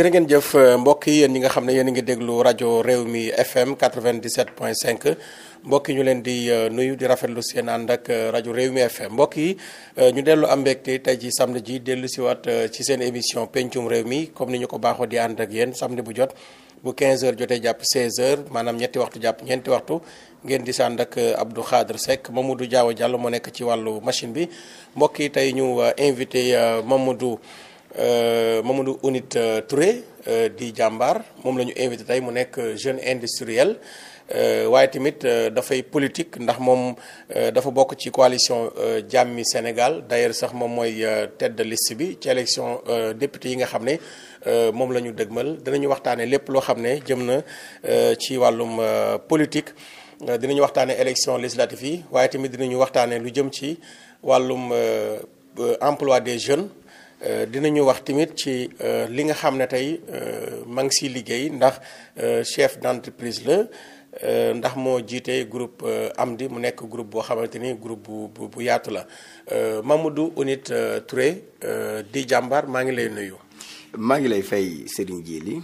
jërë ngeen jëf mbokk yi yéen ñi nga xam ne yéen a ngi déglu rajo réew mi FM 97.5 mbokk yi ñu leen di euh, nuyu di rafetlu seen ànd ak euh, rajo réew mi FM mbokk yi euh, ñu dellu am mbégte tey ci samedi ji dellu si waat ci seen émission pencum réew mi comme ni ñu ko baaxoo di ànd ak yéen samedi bu jot bu 15h jotee jàpp 16h maanaam ñetti waxtu jàpp ñeenti waxtu ngeen di sànd ak Abdou Khadre Seck Mamadou Diaw jàll moo nekk ci wàllu machine bi mbokk yi tey ñu invité Mamadou. Euh, Mamadou Ounit euh, Touré euh, di jàmbaar moom la ñu invité tey mu nekk jeune industriel waaye tamit dafay politique ndax moom dafa bokk ci coalition Jàmmi Sénégal d'ailleurs sax moom mooy tête de liste bi ci élection député yi nga xam ne moom la ñu dëgmal dinañu waxtaanee lépp loo xam ne jëm na ci wàllum politique ñu waxtaanee élection législative yi waaye tamit dinañu waxtaanee lu jëm ci wàllum emploi des jeunes. Euh, dinañu wax tamit ci euh, li nga xam ne tey euh, ma ngi siy liggéey ndax chef d'entreprise la ndax moo jiite groupe di mu nekk groupe boo xamante ni groupe bu bu yaatu la Mamadou Ounith Touré di jàmbaar maa ngi lay nuyu. maa ngi lay fay Serigne Djily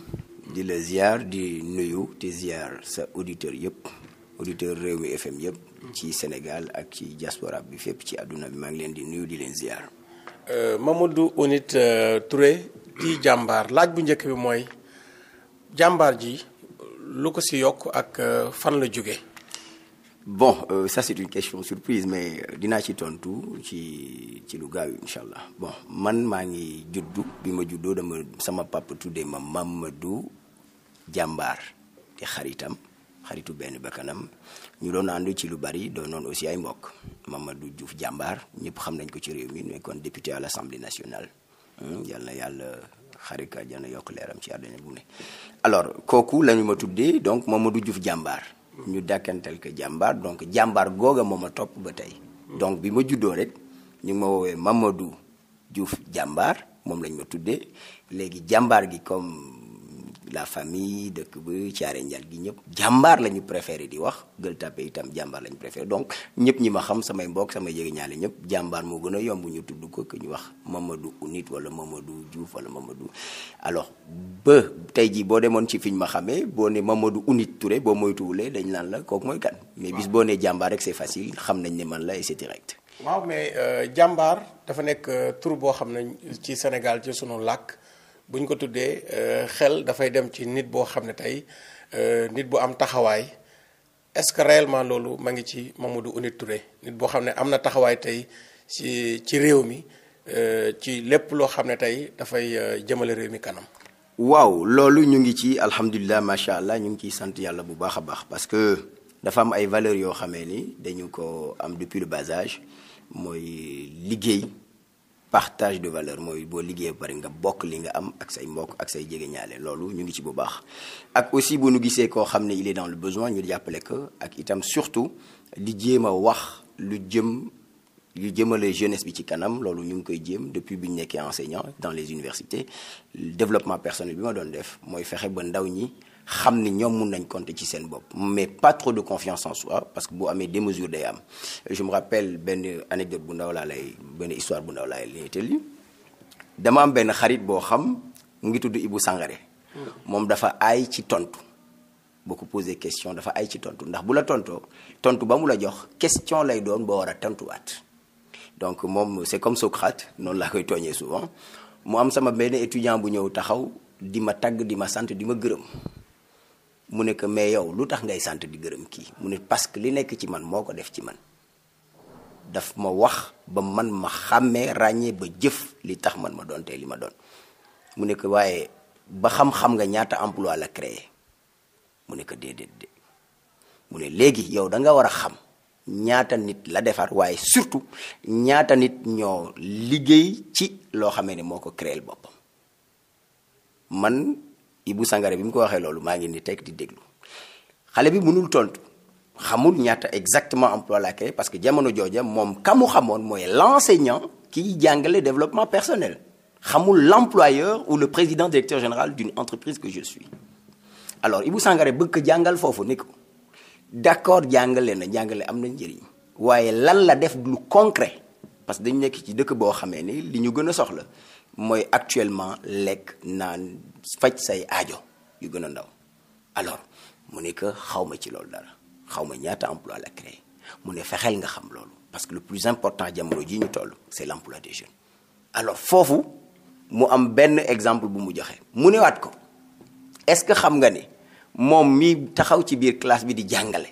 di la ziar di nuyu di ziar sa auditeur yëpp auditeur Rewmi FM yëpp. ci Sénégal ak ci diaspora bi fépp ci àdduna bi maa ngi leen di nuyu di leen ziar. Euh, Mamadou Onit euh, Touré di jàmbaar laaj bu njëkk bi mooy jàmbaar ji lu ko si yokk ak euh, fan la jóge bon euh, ça c'est une question surprise mais dinaa ci tontu ci ci lu gaaw incha allah bon man maa ngi juddu bi ma juddoo dama sama papa tuddee ma Mamadou jàmbaar te xaritam xaritu benn bakkanam ñu doon ànd ci lu bari doon noonu aussi ay mbokk du juuf jàmbaar ñëpp xam nañ ko ci réew mi nekkoon député à l'Assemblée nationale hmm, yal na yàlla xarit ka jana yokk leeram ci àddina bu ne alors kooku lañu ma tuddee donc Mamadou juuf jàmbaar ñu dàkkantal ko jàmbaar donc jàmbaar googa moom a topp ba tey donc bi ma juddoo rek ñu ngi ma woowee Mamadou Diouf jàmbaar moom lañ ma tuddee léegi jàmbaar gi comme la famille dëkk ba caare njal gi ñëpp jàmbaar la ñu préféré di wax Gueule Tapée itam jàmbaar la ñu préféré donc ñëpp ñi ma xam samay mbokk samay jege ñaale ñëpp jàmbaar moo gën a yomb ñu tudd ko ñu wax Mamadou Unit wala Mamadou Diouf wala Mamadou alors ba tey jii boo demoon ci fi ñu ma xamee boo ne Mamadou Unit Touré boo moytuwulee dañ naan la kooku mooy mais bis boo nee jàmbaar rek c'est facile xam nañ ne man la et c'est direct waaw mais euh, jàmbaar dafa nekk euh, tur boo xam ne ci Sénégal ci suñu làkk bu ñu ko tuddee euh, xel dafay dem ci nit boo xam ne tey euh, nit bu am taxawaay est-ce que réellement loolu ma ngi ci Mamadou Ounith Touré nit boo xam ne am na taxawaay tey ci ci réew mi euh, ci lépp loo xam ne tey dafay jëmale réew mi kanam. waaw loolu ñu ngi ci alhamdulilah macha allah ñu ngi ciy sant yàlla bu baax a baax parce que dafa am ay valeurs yoo xamee ni dañu ko am depuis le bas mooy liggéey. partage de valeur mooy boo liggéey ba pare nga bokk li nga am ak say mbokk ak say jege ñaale loolu ñu ngi ci bu baax ak aussi bu nu gisee koo xam ne il est dans le besoin ñu jàppale ko ak itam surtout di jéem a wax lu jëm lu jëmalee jeunesse bi ci kanam loolu ñu ngi koy jéem depuis bi ñu nekkee enseignant dans les universités le développement personnel bi ma doon def mooy fexe ba ndaw ñi xam ni ñoom mun nañ compter ci seen bopp mais pas trop de confiance en soi parce que boo amee démesure day am je me rappelle benn anecdote bu ndaw laa benn histoire bu ndaw laa lay nettali dama am benn xarit boo xam mu ngi tudd Ibou Sangaré moom dafa aay ci tontu boo ko posé question dafa ay ci tontu ndax bu la tontoo tontu ba mu la jox question lay doon boo war a tontuwaat donc moom c'est comme soo Socrate noonu laa koy tooñee souvent mu am sama benn étudiant bu ñëw taxaw di ma tagg di ma sant di ma gërëm mu ne que mais yow lu tax ngay sant di gërëm kii mu ne parce que li nekk ci man moo ko def ci man daf ma wax ba man ma xàmmee ràññee ba jëf li tax man ma doon te li ma doon mu nekk waaye ba xam-xam nga ñaata emploi la créé mu ne que déedéet de mu ne léegi yow danga war a xam ñaata nit la defar waaye surtout ñaata nit ñoo liggéey ci loo xamee ne moo ko créel boppam man Ibou Sangaré bi mu ko waxee loolu maa ngi ni teg di déglu xale bi mënul tontu xamul ñaata exactement emploi la parce que jamono jooja moom ka xamoon mooy l'enseignant kiy jàngale développement personnel xamul l'employeur ou le président directeur général d'une entreprise que je suis alors Ibou Sangaré bëgg ko jàngal foofu ni ko d'accord jàngale na jàngale am na njëriñ waaye lan la def lu concret parce que dañu nekk ci dëkk boo xamee ni li ñu gën a soxla mooy actuellement lekk naan faj say aajo yu gën a ndaw alors mu ne que xaw ma ci loolu dara xaw ma ñaata emploi la créé mu ne fexeel nga xam loolu parce que le plus important jamono ji ñu toll c'est l'emploi des jeunes alors foofu mu am benn exemple bu mu joxe mu ne waat ko est-ce que xam nga ni moom mi taxaw ci biir classe bi di jàngale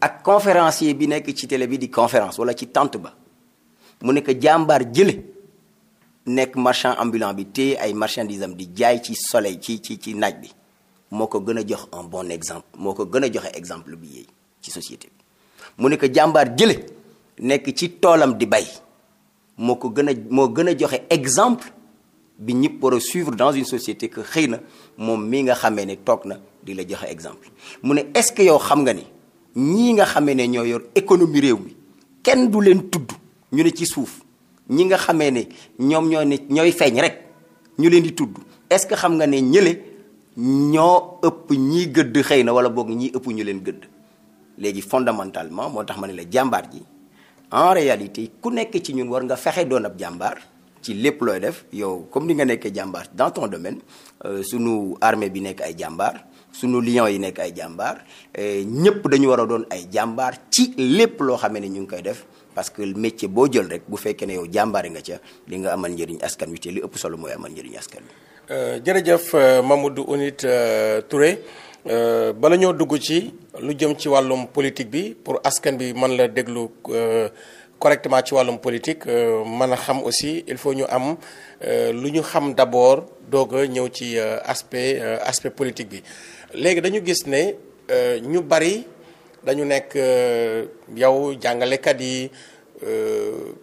ak conférencier bi nekk ci tele bi di conférence wala ci tente ba mu ne que jàmbaar jële nekk marchand ambulant bi téye ay marchandises am di jaay ci soleil ci ci ci naaj bi moo ko gën a jox un bon exemple moo ko gën a joxe exemple bi yéey ci société bi mu ne ko jàmbaar jële nekk ci toolam di bay moo ko gën a moo gën a joxe exemple bi ñëpp war a suivre dans une société que xëy na moom mii nga xamee ne toog na di la joxe exemple mu ne est-ce que yow xam nga ni ñii nga xamee ne ñoo yor économie réew mi kenn du leen tudd ñu ne ci suuf ñi nga xamee ne ñoom ñoo ne ñooy feeñ rek ñu leen di tudd est-ce que xam nga ne ñële ñoo ëpp ñii gëdd xëy na wala boog ñii ëpp ñu leen gëdd léegi fondamentalement moo tax ma ne la jàmbaar ji en réalité ku nekk ci ñun war nga fexe doon ab jàmbaar ci lépp looy def yow comme ni nga nekkee jàmbaar dans ton domaine euh, sunu armée bi nekk ay jàmbaar sunu lion yi nekk ay jàmbaar ñëpp dañu war a doon ay jàmbaar ci lépp loo xamee ne ñu ngi koy def parce que métier boo jël rek bu fekkee ne yow jàmbaare nga ca li nga amal njëriñ askan wi te li ëpp solo mooy amal njëriñ askan wi. Euh, jërëjëf euh, Mamadou Ounith euh, Touré bala ñoo dugg ci lu jëm ci wàllum politique bi pour askan bi mën la déglu. correctement ci wàllum politique mën a xam aussi il faut ñu am lu ñu xam d'abord doog a ñëw ci aspect aspect politique bi léegi dañu gis ne ñu bari dañu nekk euh, yow jàngalekat yi euh,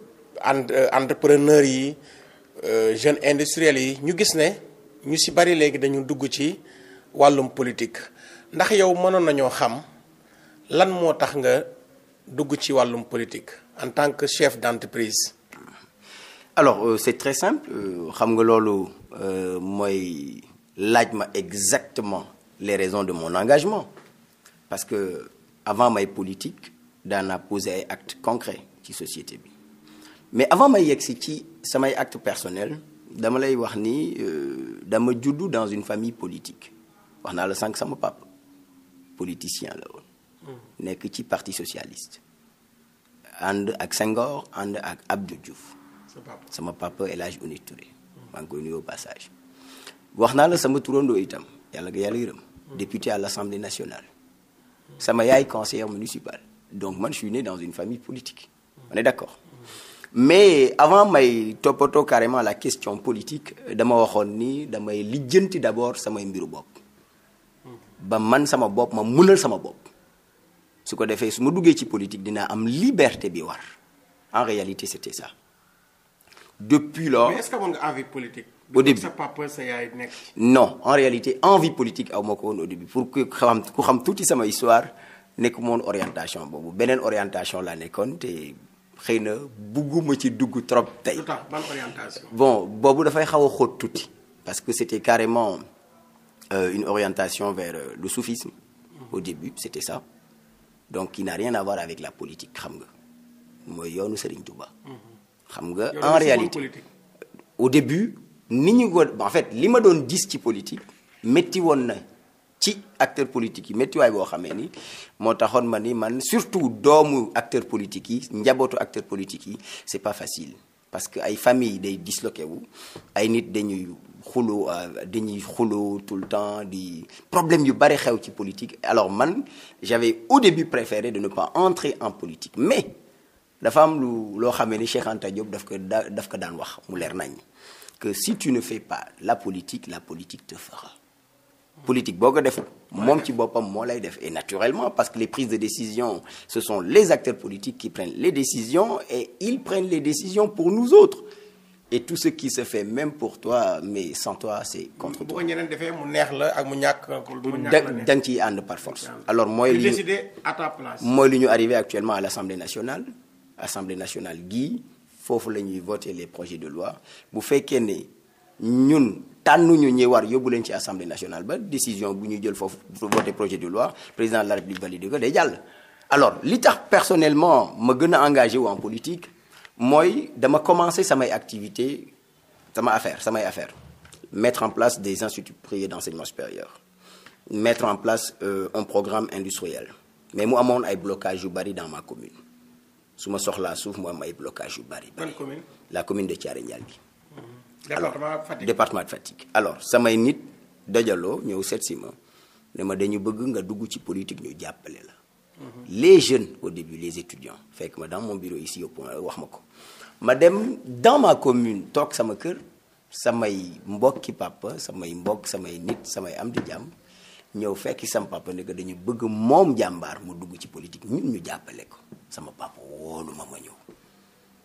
euh, entrepreneur yi jeunes industriels yi ñu gis ne ñu si bari léegi dañu dugg ci wàllum politique ndax yow mënoon nañoo xam lan moo tax nga dugg ci wàllum politique en tant que chef d'entreprise. alors euh, c'est très simple xam nga loolu mooy laaj ma exactement les raisons de mon engagement parce que avant may politique daanaa poser ay actes concrets ci société bi mais avant may yegsi ci samay actes personnels dama lay wax ni euh, dama juddu dans une famille politique wax naa la sànq sama pap politicien la ci parti socialiste. ànd ak Senghor ànd ak Abdou Diouf. sama papa El Hadj wax naa la sama turandoo itam yàlla nga yàlla yërëm. Mm. député à l' nationale. sama yaay conseillère municipale donc man je suis né dans une famille politique on est d'accord mais avant may toppatoo carrément la question politique dama waxoon ni damay lijjanti d'abord samay mbiru bopp ba man sama bopp ma mënal sama bopp su ko defee su ma duggee ci politique dinaa am liberté bi war en réalité c'était ça depuis lors mais au début sa papa sa yaay nekk. non en réalité envie politique aw ma ko woon au début pour ku xam ku sama histoire nekk moon orientation boobu beneen orientation la nekkoon te xëy na bugguma ci dugg trop tey. lu boobu dafay xaw a xóot tuuti parce que c'était carrément euh, une orientation vers euh, le soufisme. au début c'était ça donc qui n'a rien à avec la politique xam nga mooy yoonu Serigne Touba. Mhm. xam nga en réalité au début. ni ñu ko en fait li ma doon gis ci politique métti woon na ci acteur politique yi méttiwaay boo xamee ni moo taxoon ma ni man surtout doomu acteur politique yi njabootu acteur politique yi c'est pas facile parce que ay famille day disloqué wu ay nit dañuy xuloo euh, dañuy xulo tout le temps di problème yu bari xew ci politique alors man j'avais au début préféré de ne pas entrer en politique mais dafa am lu loo xamee ni Cheikh Anta daf ko daf ko daan wax mu leer nañ que si tu ne fais pas la politique la politique te fera politique boo ko def moom ci boppam moo lay def et naturellement parce que les prises de décision ce sont les acteurs politiques qui prennent les décisions et ils prennent les décisions pour nous autres et tout ce qui se fait même pour toi mais sans toi c'est contre toi. bu ko ñeneen defee mu neex la ak mu ñàkk da nga ciy ànd par force. alors mooy li ñu décider à ta place. mooy li ñu arrivé actuellement à l'Assemblée nationale Assemblée nationale gii. foofu la ñuy voter les projets de loi bu fekkee ni ñun tànnuñu ñi war yóbbu leen ci assemblée nationale ba décision bu ñu jël foofu voter projet de loi président de la république valide ko day jàll. alors li tax personnellement ma gën a engagé wu en politique mooy dama commencé samay activité sama affaire samay affaire mettre en place des instituts privés d'enseignement supérieur mettre en place euh, un programme industriel mais mu amoon ay blocage yu dans ma commune. su ma soxlaa suuf mu may ay yu bari bari la commune de Thiaré Ndial bi mm-hmm. alors département de Fatick alors samay nit dajaloo ñëw seet si ma ne ma dañu bëgg nga dugg ci politique ñu jàppale la mm-hmm. les jeunes au début les étudiants fekk ma dans mon bureau ici au point wax ma ko ma dem dans ma commune toog sama kër samay mbokki papa samay mbokk samay nit samay am di jàmm ñëw fekk sama papa ne dañu bëgg moom jàmbaar mu dugg ci politique ñun ñu jàppale ko sama papa woolu ma ma ñëw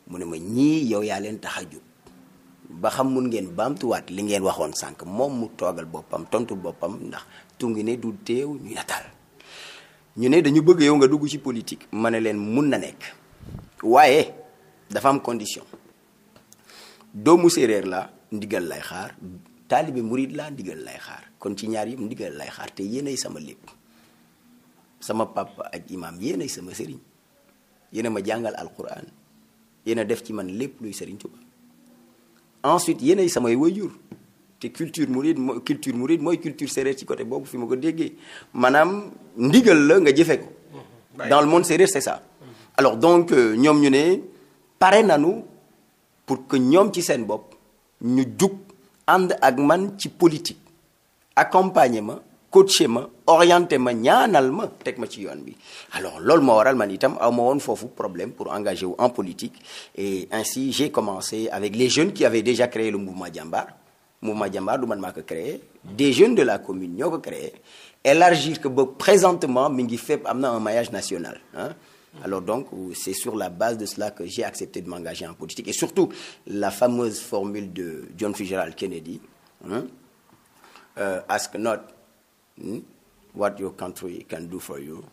mu ne ma ñii yow yaa leen tax a jóg ba xam mun ngeen baamtuwaat li ngeen waxoon sànq moom mu toogal boppam tontu boppam ndax tungi ne du teew ñu nataal ñu ne dañu bëgg yow nga dugg ci politique ma ne leen mun na nekk waaye dafa am condition doomu séeréer la ndigal lay xaar taalibe murid laa ndigal lay xaar kon ci ñaar yëpp ndigal lay xaar te yéenay sama lépp sama papa ak imaam yéenay sama sëriñ yéena ma jàngal alquran yéena def ci man lépp luy sëriñ Tuuba ensuite yéenay samay wayjur te culture murid mooy culture murid mooy culture ci côté boobu fi ma ko déggee maanaam ndigal la nga jëfe ko dans le monde séeréer c'est ça alors donc euh, ñoom ñu ne pare nanu pour que ñoom ci seen bopp ñu jug ànd ak man ci politique accompagner ma coacher ma orienté ma ñaanal ma teg ma ci yoon bi alors loolu moo waral man itam aw ma woon foofu problème pour engager wu en politique et ainsi j'ai commencé avec les jeunes qui avaient déjà créé le mouvement Jambar mouvement Jambar du man maa ko des jeunes de la commune ñoo ko créé élargir que ba présentement mi ngi fépp am na un maillage national ah Alors donc, c'est sur la base de cela que j'ai accepté de m'engager en politique. Et surtout, la fameuse formule de John Fitzgerald Kennedy, hein, euh, Ask not hmm, what your country can do for you,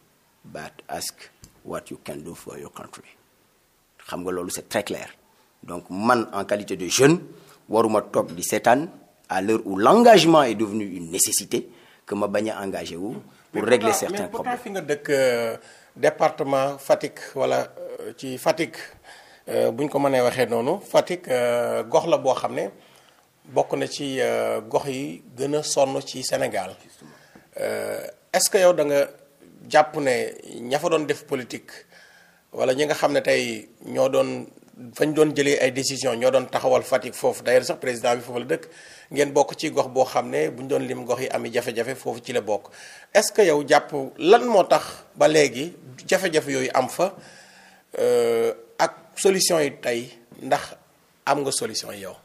but ask what you can do for your country. xam nga loolu c'est très clair donc man en qualité de jeune waruma toog di seetaan à l'heure où l'engagement est devenu une nécessité que ma bañ a engagé wu pour régler certains problèmes. département Fatick wala euh, ci Fatick euh, bu ñu ko mënee waxee noonu Fatick euh, gox la boo xam ne bokk na ci gox yi gën a sonn ci Sénégal est-ce que yow da nga jàpp ne ña fa doon def politique wala ñi nga xam ne tey ñoo doon fa ñu doon jële ay décision ñoo doon taxawal Fatick foofu da sax président bi foofu la dëkk. ngeen bokk ci gox boo xam ne bu ñu doon lim gox yi ami jafe-jafe foofu ci la bokk est-ce que yow jàpp lan moo tax ba léegi jafe-jafe yooyu am fa euh, ak solution yi tey ndax am nga solution yow.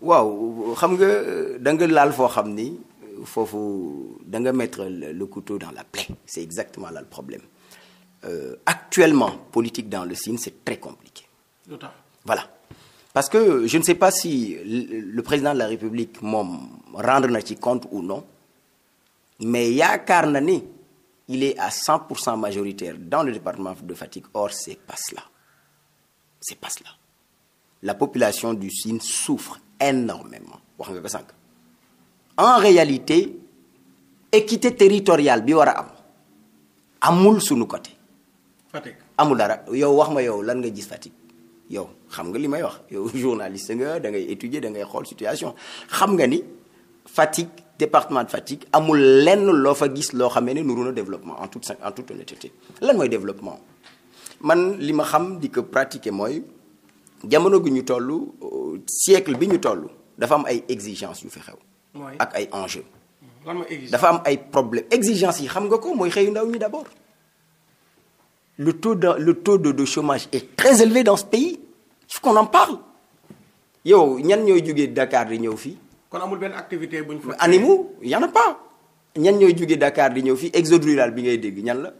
waaw xam nga euh, da nga laal foo xam ni foofu da nga mettre le couteau dans la plaie c'est exactement la le problème euh, actuellement politique dans le Sine c'est très compliqué. voilà. parce que je ne sais pas si le président de la république moom rendre na ci compte ou non mais yaakaar na ni il est à 100 cent majoritaire dans le département de Fatick or c'est pas cela la population du Sine souffre énormément wax nga ko sànq en réalité équité territoriale bi war a am amul sunu côté. Fatick amul dara yow wax ma yow lan nga gis Fatick. yow xam nga li may wax yow journaliste nga da ngay étudier da xool situation xam nga ni Fatick département de Fatick amul lenn loo fa gis loo xamee ne nuru na développement en toute en toute honnêteté lan mooy développement man li ma xam di ko pratiquer mooy jamono gu ñu toll euh, siècle bi ñu toll dafa am ay exigences yu fi xew. ak ay enjeux. dafa am ay problèmes exigences yi xam nga ko mooy xëyu ndaw ñi d'abord. Le taux de, le taux de, de chômage est très élevé dans ce pays il faut en parle yow ñan ñooy jógee dakaar di ñëw fii. kon amul benn activité bu ñu fa. yan a pas ñan ñooy jógee dakaar di ñëw fii exode rural bi ngay dégg ñan la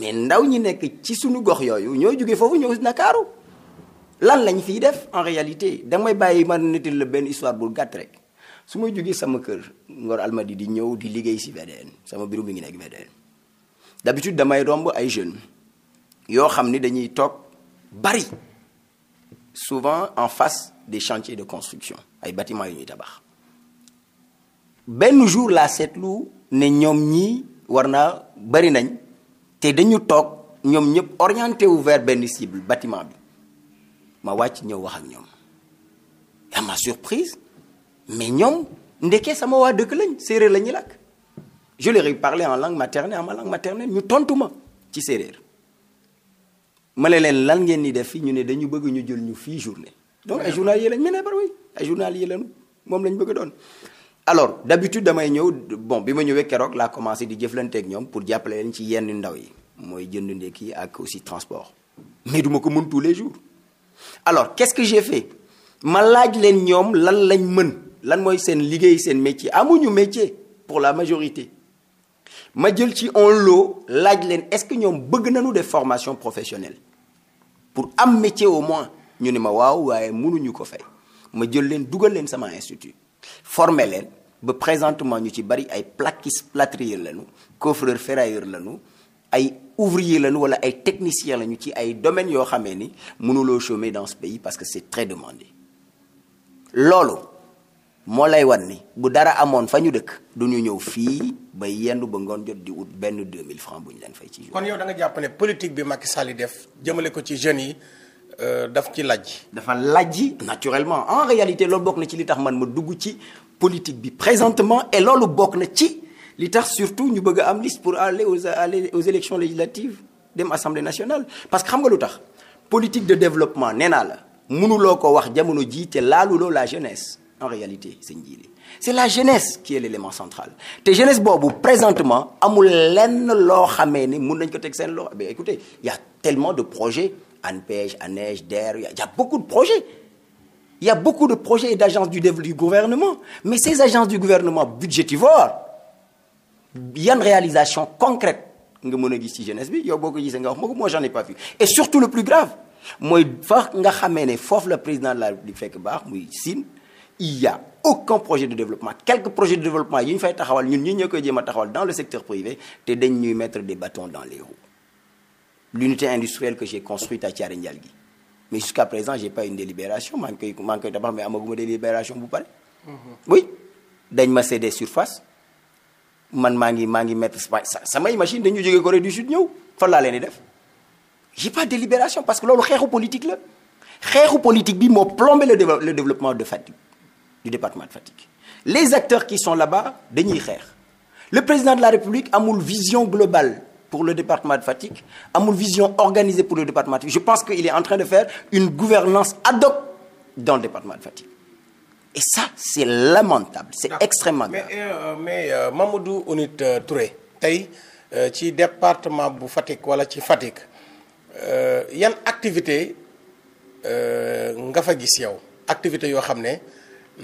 mais ndaw ñi nekk ci suñu gox yooyu ñooy jógee foofu ñëw Ndakaaru lan lañ fiy def en réalité damay bàyyi ma nitil la benn histoire bul gàtt rek su may jógee sama kër Ngor Almadi di ñëw di liggéey si VDN sama bureau mi ngi nekk VDN. d'habitude damay romb ay jeunes yoo xam ni dañuy toog bari souvent en face des chantiers de construction ay bâtiments yu ñuy tabax benn jour laa seetlu ne ñoom ñii war na bari nañ te dañu toog ñoom ñëpp orienté wu benn cible batiment bi ma wàcc ñëw wax ak ñoom à ma surprise mais ñoom ndekee sama waa dëkk lañ séeréer la ñuy làkk je leur ai parlé en langue maternelle en ma langue maternelle ñu tontu ma ci séeréer ma ne leen lan ngeen ni def fii ñu ne dañu bëgg ñu jël ñu fii journée. donc ay journaliers lañ menee ne bari ay journaliers lañu moom lañ bëgg doon. alors d'habitude damay ñëw bon bi ma ñëwee keroog laa commencé di jëflanteeg ñoom pour jàppale leen ci yenn ndaw yi mooy jënd ndekki ak aussi transport mais duma ko mun tous les jours. alors qu'est-ce que j'ai fait ma laaj leen ñoom lan lañ mën lan mooy seen liggéey seen métier amuñu métier pour la majorité. ma jël ci un lot laaj leen est-ce que ñoom bëgg nañu def formation professionnelle pour am métier au moins ñu ni ma waaw waaye mënuñu ko fay ma jël leen dugal leen sama institut formé leen ba présentement ñu ci bari ay plaquis plâtrier lañu coffreur ferrailleur lañu ay ouvrier lañu wala ay technicien lañu ci ay domaines yoo xamee ni mënuloo chômer dans ce pays parce que c'est très demandé loolu moo lay wan ni bu dara amoon fa ñu dëkk du ñu ñëw fii ba yendu ba ngoon jot di wut benn 2000 francs bu ñu leen fay ci. kon yow da nga jàpp ne bi Macky Sall def jëmale ko ci jeunes yi euh, daf ci lajj. dafa lajj naturellement en réalité loolu bokk na ci li tax man ma dugg ci politique bi présentement et bokk na ci li tax surtout ñu bëgg am liste pour aller aux aller aux élections législatives dem assemblée nationale. parce que xam nga lu tax politique de développement nee naa la mënuloo ko wax jamono jii te laaluloo la jeunesse. en réalité sëñ ji li c'est la jeunesse qui est l'élément central te jeunesse boobu présentement amul lenn loo xamee ni mun nañ ko teg seen loxo mais écoutez il y a tellement de projets ANPEJ ANEJ DER il y a beaucoup de projets il y a beaucoup de projets et d'agences du du gouvernement mais ces agences du gouvernement budgétivores yan réalisation concrète nga mën a gis ci jeunesse bi yow boo ko gisee nga wax ma ko moi j'en ai pas vu et surtout le plus grave mooy fa nga xamee ne foofu la président de la fekk baax muy Sine il y a aucun projet de développement yi ñu fay taxawal ñun ñi ñoo koy jéem a taxawal dans le secteur privé te dañ ñuy mettre des bâtons dans les roues l'unité industrielle que j'ai construite à Thiaré Ndial gi mais jusqu'à présent j'ai pas une délibération maa ngi koy maa ngi tabax mais amaguma délibération bu pare mm-hmm. oui dañ ma cédé surface man maa ngi maa ngi mettre samay machine dañu jógee Corée du Sud ñëw fan laa leen def j'ai pas de délibération parce que loolu xeexu politique la xeexu politique bi moo plombé le développement de Fatick du département de Fatick les acteurs qui sont là-bas dañuy xeex le président de la République amul vision globale pour le département de Fatick amul vision organisée pour le département de Fatick je pense qu'il est en train de faire une gouvernance ad hoc dans le département de Fatick et ça c'est lamentable c'est extrêmement grave mais euh, mais euh, Mamadou Ounit euh, Touré tey euh, ci département bu Fatick wala ci Fatick euh, yan activité nga fa gis yow activité yoo xam ne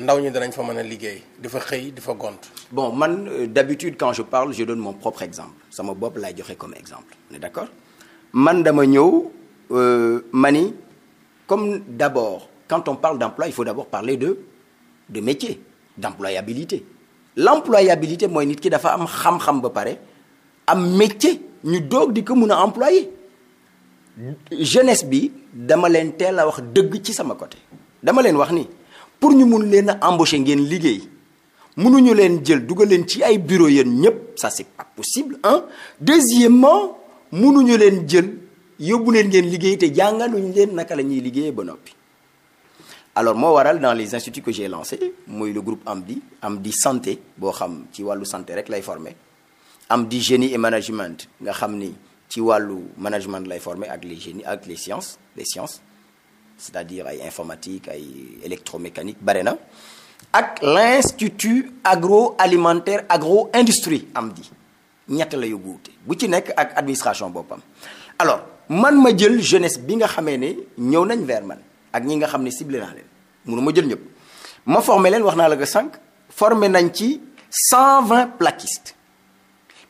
ndaw ñi danañ fa mën a liggéey di fa xëy di fa gont. bon man euh, d'habitude quand je parle je donne mon propre exemple sama bopp laay joxe comme exemple on est d'accord man dama ñëw euh, ma ni comme d'abord quand on parle d'emploi il faut d'abord parler de de métier d'employabilité l'employabilité mooy nit ki dafa am xam-xam ba pare am métier ñu doog di ko mun a employer jeunesse bi dama leen teel a wax dëgg ci sama côté dama leen wax ni. pour ñu mun leen a embaucher ngeen liggéey mënuñu leen jël dugal leen ci ay bureau yéen ñëpp ça c'est pas possible hein deuxièmement mënuñu leen jël yóbbu leen ngeen liggéey te jàngaluñu leen naka la ñuy liggéey ba noppi alors moo waral dans les instituts que j'ai lancé mooy le groupe am di santé boo xam ci wàllu santé rek lay formé AMDI génie et management nga xam ni ci wàllu management lay formé ak les génies ak les sciences les sciences c'est-à-dire ay informatique ay mécanique bare na ak l'institut alimentaire agro-industrie am di ñett la yóbbu wute bu ci nekk ak administration boppam alors man ma jël jeunesse bi nga xamee ne ñëw nañ vers man ak ñi nga xam ne ciblé naa leen mënu ma jël ñëpp ma formé leen wax naa la ko cinq formé nañ ci 120 plaquistes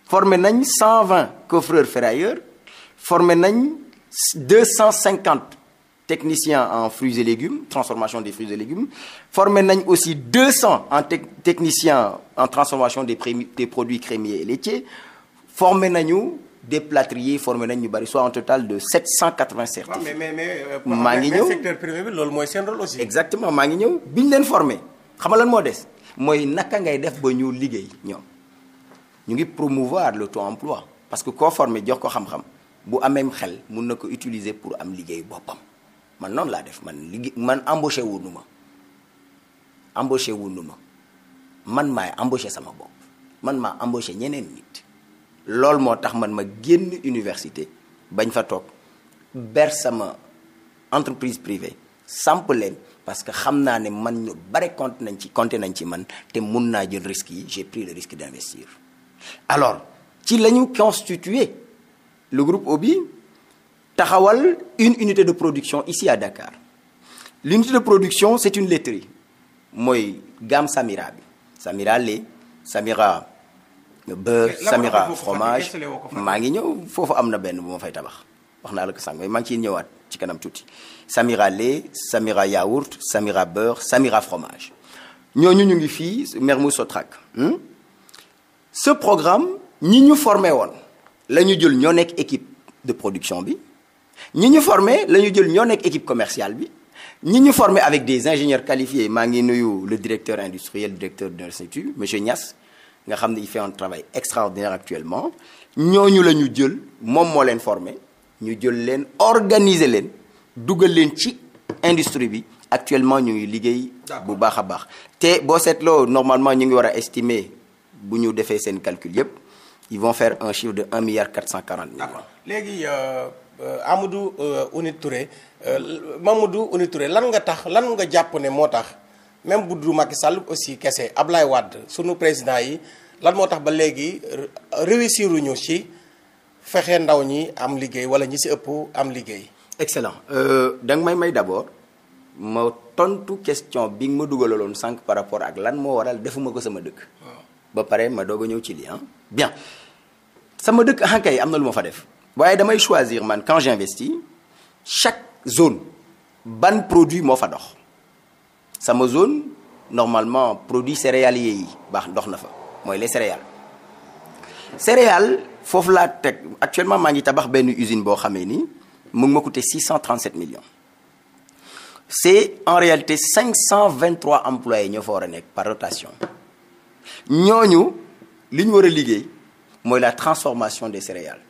formé nañ 120 coffreurs ferrailleurs formé nañ 250 technicien en fruits et légumes transformation des fruits et légumes formé nañ aussi 200 en te technicien en transformation des des produits crémiers et laitiers formé nañu des plâtriers formé nañ ñu bari soit un total de 780 certifiés. waaw mais mais mais euh, maa ngi ñëw loolu mooy seen rôle aussi. exactement maa ngi ñëw bi ñu leen formé xam nga moo des mooy naka ngay def ba ñu liggéey ñoom ñu ngi promouvoir le to emploi parce que ko formé jox ko xam-xam bu ameem xel mun na ko utiliser pour am liggéey boppam. man noonu laa def man liggéey man wu nu ma embauché wunu ma man maay embauché sama bopp man maa embauché ñeneen nit loolu moo tax man ma génn université bañ fa toog ber sama entreprise privé samp leen parce que xam naa ne man ñu bare compte nañ ci compté nañ ci man te mun naa jël risque yi j'ai pris le risque d'investir alors ci la ñu le groupe OBI taxawal une unité de production ici à Dakar l'unité de production c'est une laiterie mooy gamme Samira bi Samira lait Samira euh, beurre Samira fromage maa ngi ñëw foofu am na benn bu ma fay tabax wax naa la ko sànq mais maa ngi ciy ñëwaat ci kanam tuuti Samira lait Samira yaourt Samira beurre Samira fromage ñooñu ñu ngi fii Mermoz Sotrac hmm? ce programme ñi ñu formé woon la ñu jël ñoo nekk équipe de production bi ñi ñu formé la ñu jël ñoo nekk équipe commerciale bi ñi ñu formé avec des ingénieurs qualifiés maa ngi nuyu le directeur industriel le directeur de l'institut monsieur Niass nga xam ne il fait un travail extraordinaire actuellement ñooñu la ñu jël moom moo leen formé ñu jël leen organiser leen dugal leen ci industrie bi actuellement ñu ngi liggéey bu baax a baax te boo seetloo normalement ñu ngi war a estimer bu ñu defee seen calcul yépp ils vont faire un chiffre de 1 milliard 440 millions léegi euh, Euh, Amadou euh, Ouni Touré euh, Mamadou Ouni Touré lan nga tax lan nga jàpp ne moo tax même bu du Macky Sall aussi kese Ablaye Wade sunu président yi lan moo tax ba léegi réussiruñu ci fexe ndaw ñi am liggéey wala ñi si ëpp am liggéey. excellent da nga may may d'abord ma tontu question bi nga ma dugalaloon sànq par rapport ak lan moo waral defuma ko sama dëkk. ba pare ma doog a ñëw ci lii ah. bien sama dëkk ah yi am na lu ma fa def. waaye damay choisir man quand j'investis chaque zone ban produit moo fa dox sama zone normalement produit céréalier yi baax dox na fa mooy les céréales céréal foofu laa teg actuellement maa ngi tabax benn usine boo xamee ni mu ngi ma coûté 637 millions c'est en réalité 523 employés ñoo fa war a nekk par rotation ñooñu li ñu war a liggéey mooy la transformation des céréales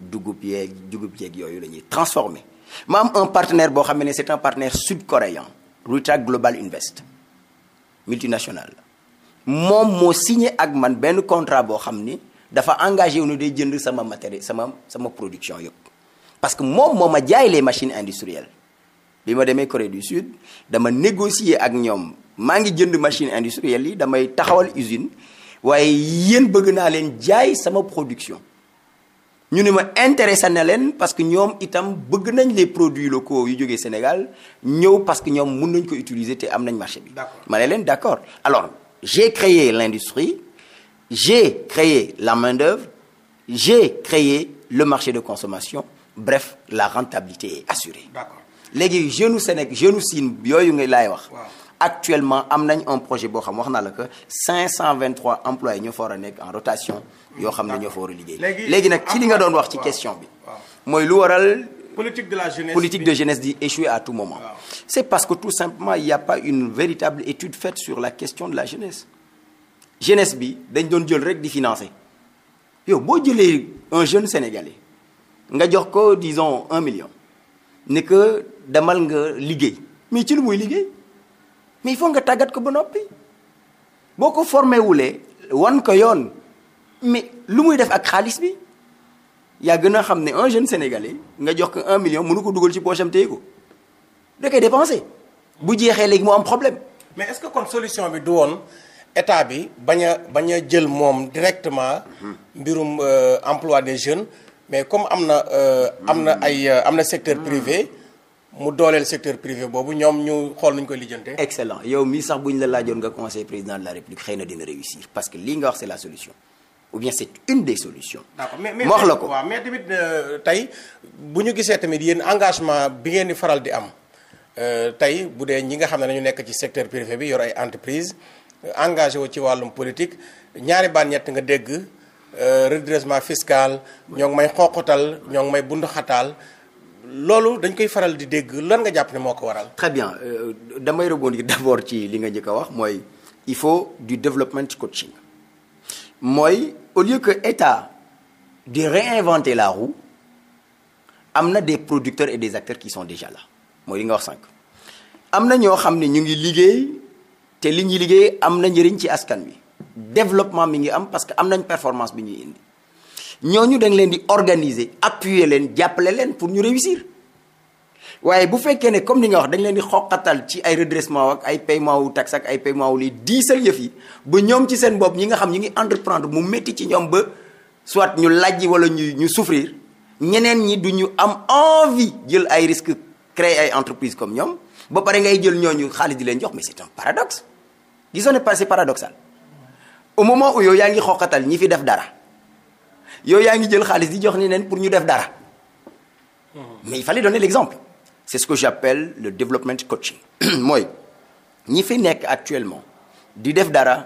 dugub yeeg dugub jeeg yooyu lañuy ñuy transformer ma un partenaire boo xam ne c'est un partenaire sud-coréen Ruta Global Invest multinational moom moo signé ak man benn contrat boo xam ni dafa engagé wu nu day jënd sama matériel sama sama production yëpp parce que moom moo ma jaay les machines industrielles bi ma demee Corée du Sud dama négocier ak ñoom maa ngi jënd machine industrielle yi damay taxawal usine waaye yéen bëgg naa leen jaay sama production ñu ne ma intéressé na leen parce que ñoom itam bëgg nañ les produits locaux yu jógee Sénégal ñëw parce que ñoom mun nañ ko utiliser te am nañ marché bi. ma ne leen d' accord alors j'ai créé l' industrie j'ai créé la main d'œuvre j'ai créé le marché de consommation bref la rentabilité est assurée. d'accord léegi jeune Sénégal jeune Sine yooyu nga laay wax. actuellement am nañ un projet boo xam wax naa la que 523 employés ñoo fa war a nekk en rotation. yoo xam na ñoo fa war a liggéey léegi nag ci li nga doon wax ci question bi mooy lu waral politique de la jeunesse politique de jeunesse di échouer à tout moment c'est parce que tout simplement il y a pas une véritable étude faite sur la question de la jeunesse jeunesse bi dañ doon jël rek di financer yow boo jëlee un jeune sénégalais nga jox ko disons un million ne que demal nga liggéey mais ci lu muy liggéey mais il faut nga tàggat ko ba noppi boo ko formé wulee wan ko yoon mais lu muy def ak xaalis bi yaa gën a xam ne un jeune sénégalais nga jox ko un million mënu ko dugal ci poche am téye ko da koy dépensé bu jeexee léegi moo am problème. mais est-ce que kon solution bi du woon état bi bañ a bañ a jël moom directement. mbirum euh, emploi de jeunes. mais comme am na euh, am na ay euh, am na secteur privé mu dooleel secteur privé boobu ñoom ñu xool nuñ koy lijjante. excellent yow mii sax bu ñu la laajoon nga conseil président de la république na dina réussir parce ou bien c'est une mais mais wax la ko waaw mais tamit euh, tey bu ñu gisee tamit yéen engagement bi ngeen di faral di am euh, tey bu dee ñi nga xam ne dañu nekk ci secteur privé bi yor ay entreprise euh, engagé wu ci wàllum politique ñaari ban ñett nga dégg redressement fiscal ñoo ngi may xoqatal ñoo ngi may bundu xataal loolu dañ koy faral di dégg lan nga jàpp ne moo ko waral. très bien damay rebondir d'abord ci li nga jëkk a wax mooy il faut du development coaching mooy. au lieu que état de réinventer la roue am na des producteurs et des acteurs qui sont déjà là mooy li nga wax sànq am na ñoo xam ne ñu ngi liggéey te li ñuy liggéey am na njëriñ ci askan wi développement mi ngi am parce que am nañ performance bi ñuy indi ñooñu dañ leen di organiser appuyer leen jàppale leen pour ñu réussir waaye bu fekkee ne comme ni nga wax dañ leen di xoqatal ci ay redressement ak ay paiement wu taxe ak ay paiement wu lii diisal yëf yi ba ñoom ci seen bopp ñi nga xam ñi ngi entreprendre mu métti ci ñoom ba soit ñu lajji wala ñu ñu souffrir ñeneen ñi du ñu am envie jël ay risque créer ay entreprise comme ñoom ba pare ngay jël ñooñu xaalis di leen jox mais c'est un paradox gisoon ne pare c'est paradoxal au moment yow yaa ngi xoqatal ñi fi def dara yow yaa ngi jël xaalis di jox ni pour ñu def dara hmm. mais il fallait donner l'exemple c'est ce que j'appelle le development coaching mooy ñi fi nekk actuellement di def dara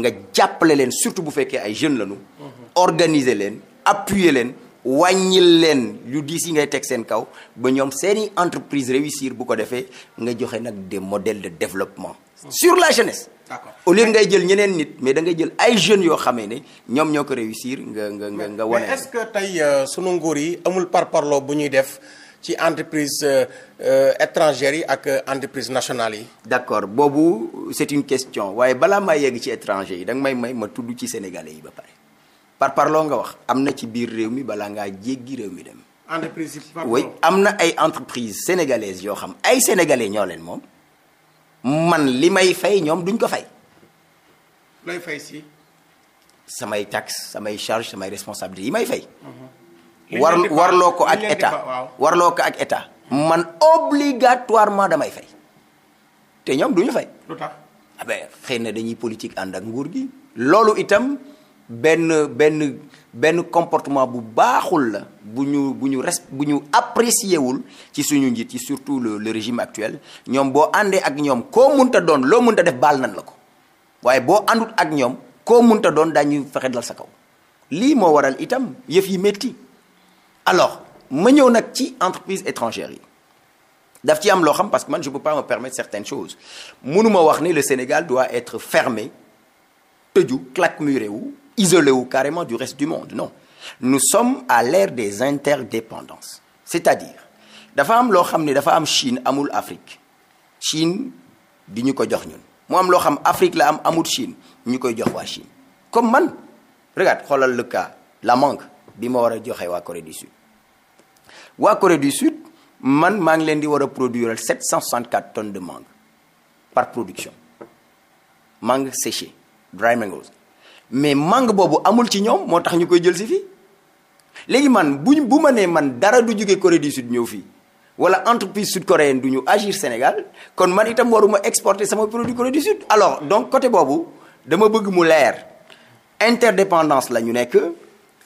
nga jàppale leen surtout bu fekkee ay jeunes lañu. Mhm. organiser leen appuyer leen wàññil leen yu diis yi ngay teg seen kaw ba ñoom seeni entreprise réussir bu ko defee nga joxe nag des modèles de développement. Mhm. sur la jeunesse. d'accord ngay jël ñeneen nit mais da ngay jël ay jeunes yoo xamee ne ñoom ñoo ko réussir nga nga nga nga wane. est-ce que tey euh, sunu nguur yi amul parparloo bu ñuy def. ci entreprise euh, euh, étrangères yi ak euh, entreprise nationales yi. d'accord boobu c'est une question waaye balaa maa yegg ci étranger yi da may may ma tudd ci sénégalais yi ba pare par par loo nga wax am na ci biir réew mi balaa ngaa jéggi réew mi dem. entreprise am na ay entreprises sénégalaises yoo xam ay sénégalais ñoo leen moom man li may fay ñoom duñ ko fay. looy fay si. samay taxes samay charges samay responsabilités yi may fay. Mhm. war warloo ko ak état warloo ko ak état man obligatoirement damay fay te ñoom duñu ñu fay. lu tax ah xëy na dañuy politique ànd ak nguur gi. loolu itam benn benn benn comportement bu baaxul la bu ñu bu ñu res bu ñu apprécié wul ci suñu njiit yi surtout le le régime actuel ñoom boo àndee ak ñoom koo munta doon loo munta def baal nan la ko waaye boo àndut ak ñoom koo munta doon daañu fexe dal sa kaw lii moo waral itam yëf yi métti. alors ma ñëw nag ci entreprise étrangère yi daf ci am loo xam parce que man je peux pas me permettre certaines mënuma wax ni le Sénégal doit être fermé tëju claquemuré wu isolé wu carrément du reste du monde non nous sommes à l'ère des interdépendances c'est-à-dire dafa am loo xam ne dafa am Chine amul Afrique Chine di ñu ko jox ñun moo am loo xam Afrique la am amul Chine ñu koy jox waa Chine comme man regarde xoolal le la manque bi ma war a joxe waa Corée du Sud waa Corée du Sud man maa ngi leen di war a produire 764 tonnes de mangue par production mangue séchée dry mangoes mais mangue boobu amul ci ñoom moo tax ñu koy jël si fii léegi man buñ bu ma nee man dara du jóge Corée du Sud ñëw fii wala entreprise sud-coréenne du ñu agir Sénégal kon man itam waruma exporter sama produit Corée du Sud alors donc côté boobu dama bëgg mu leer interdépendance la ñu nekk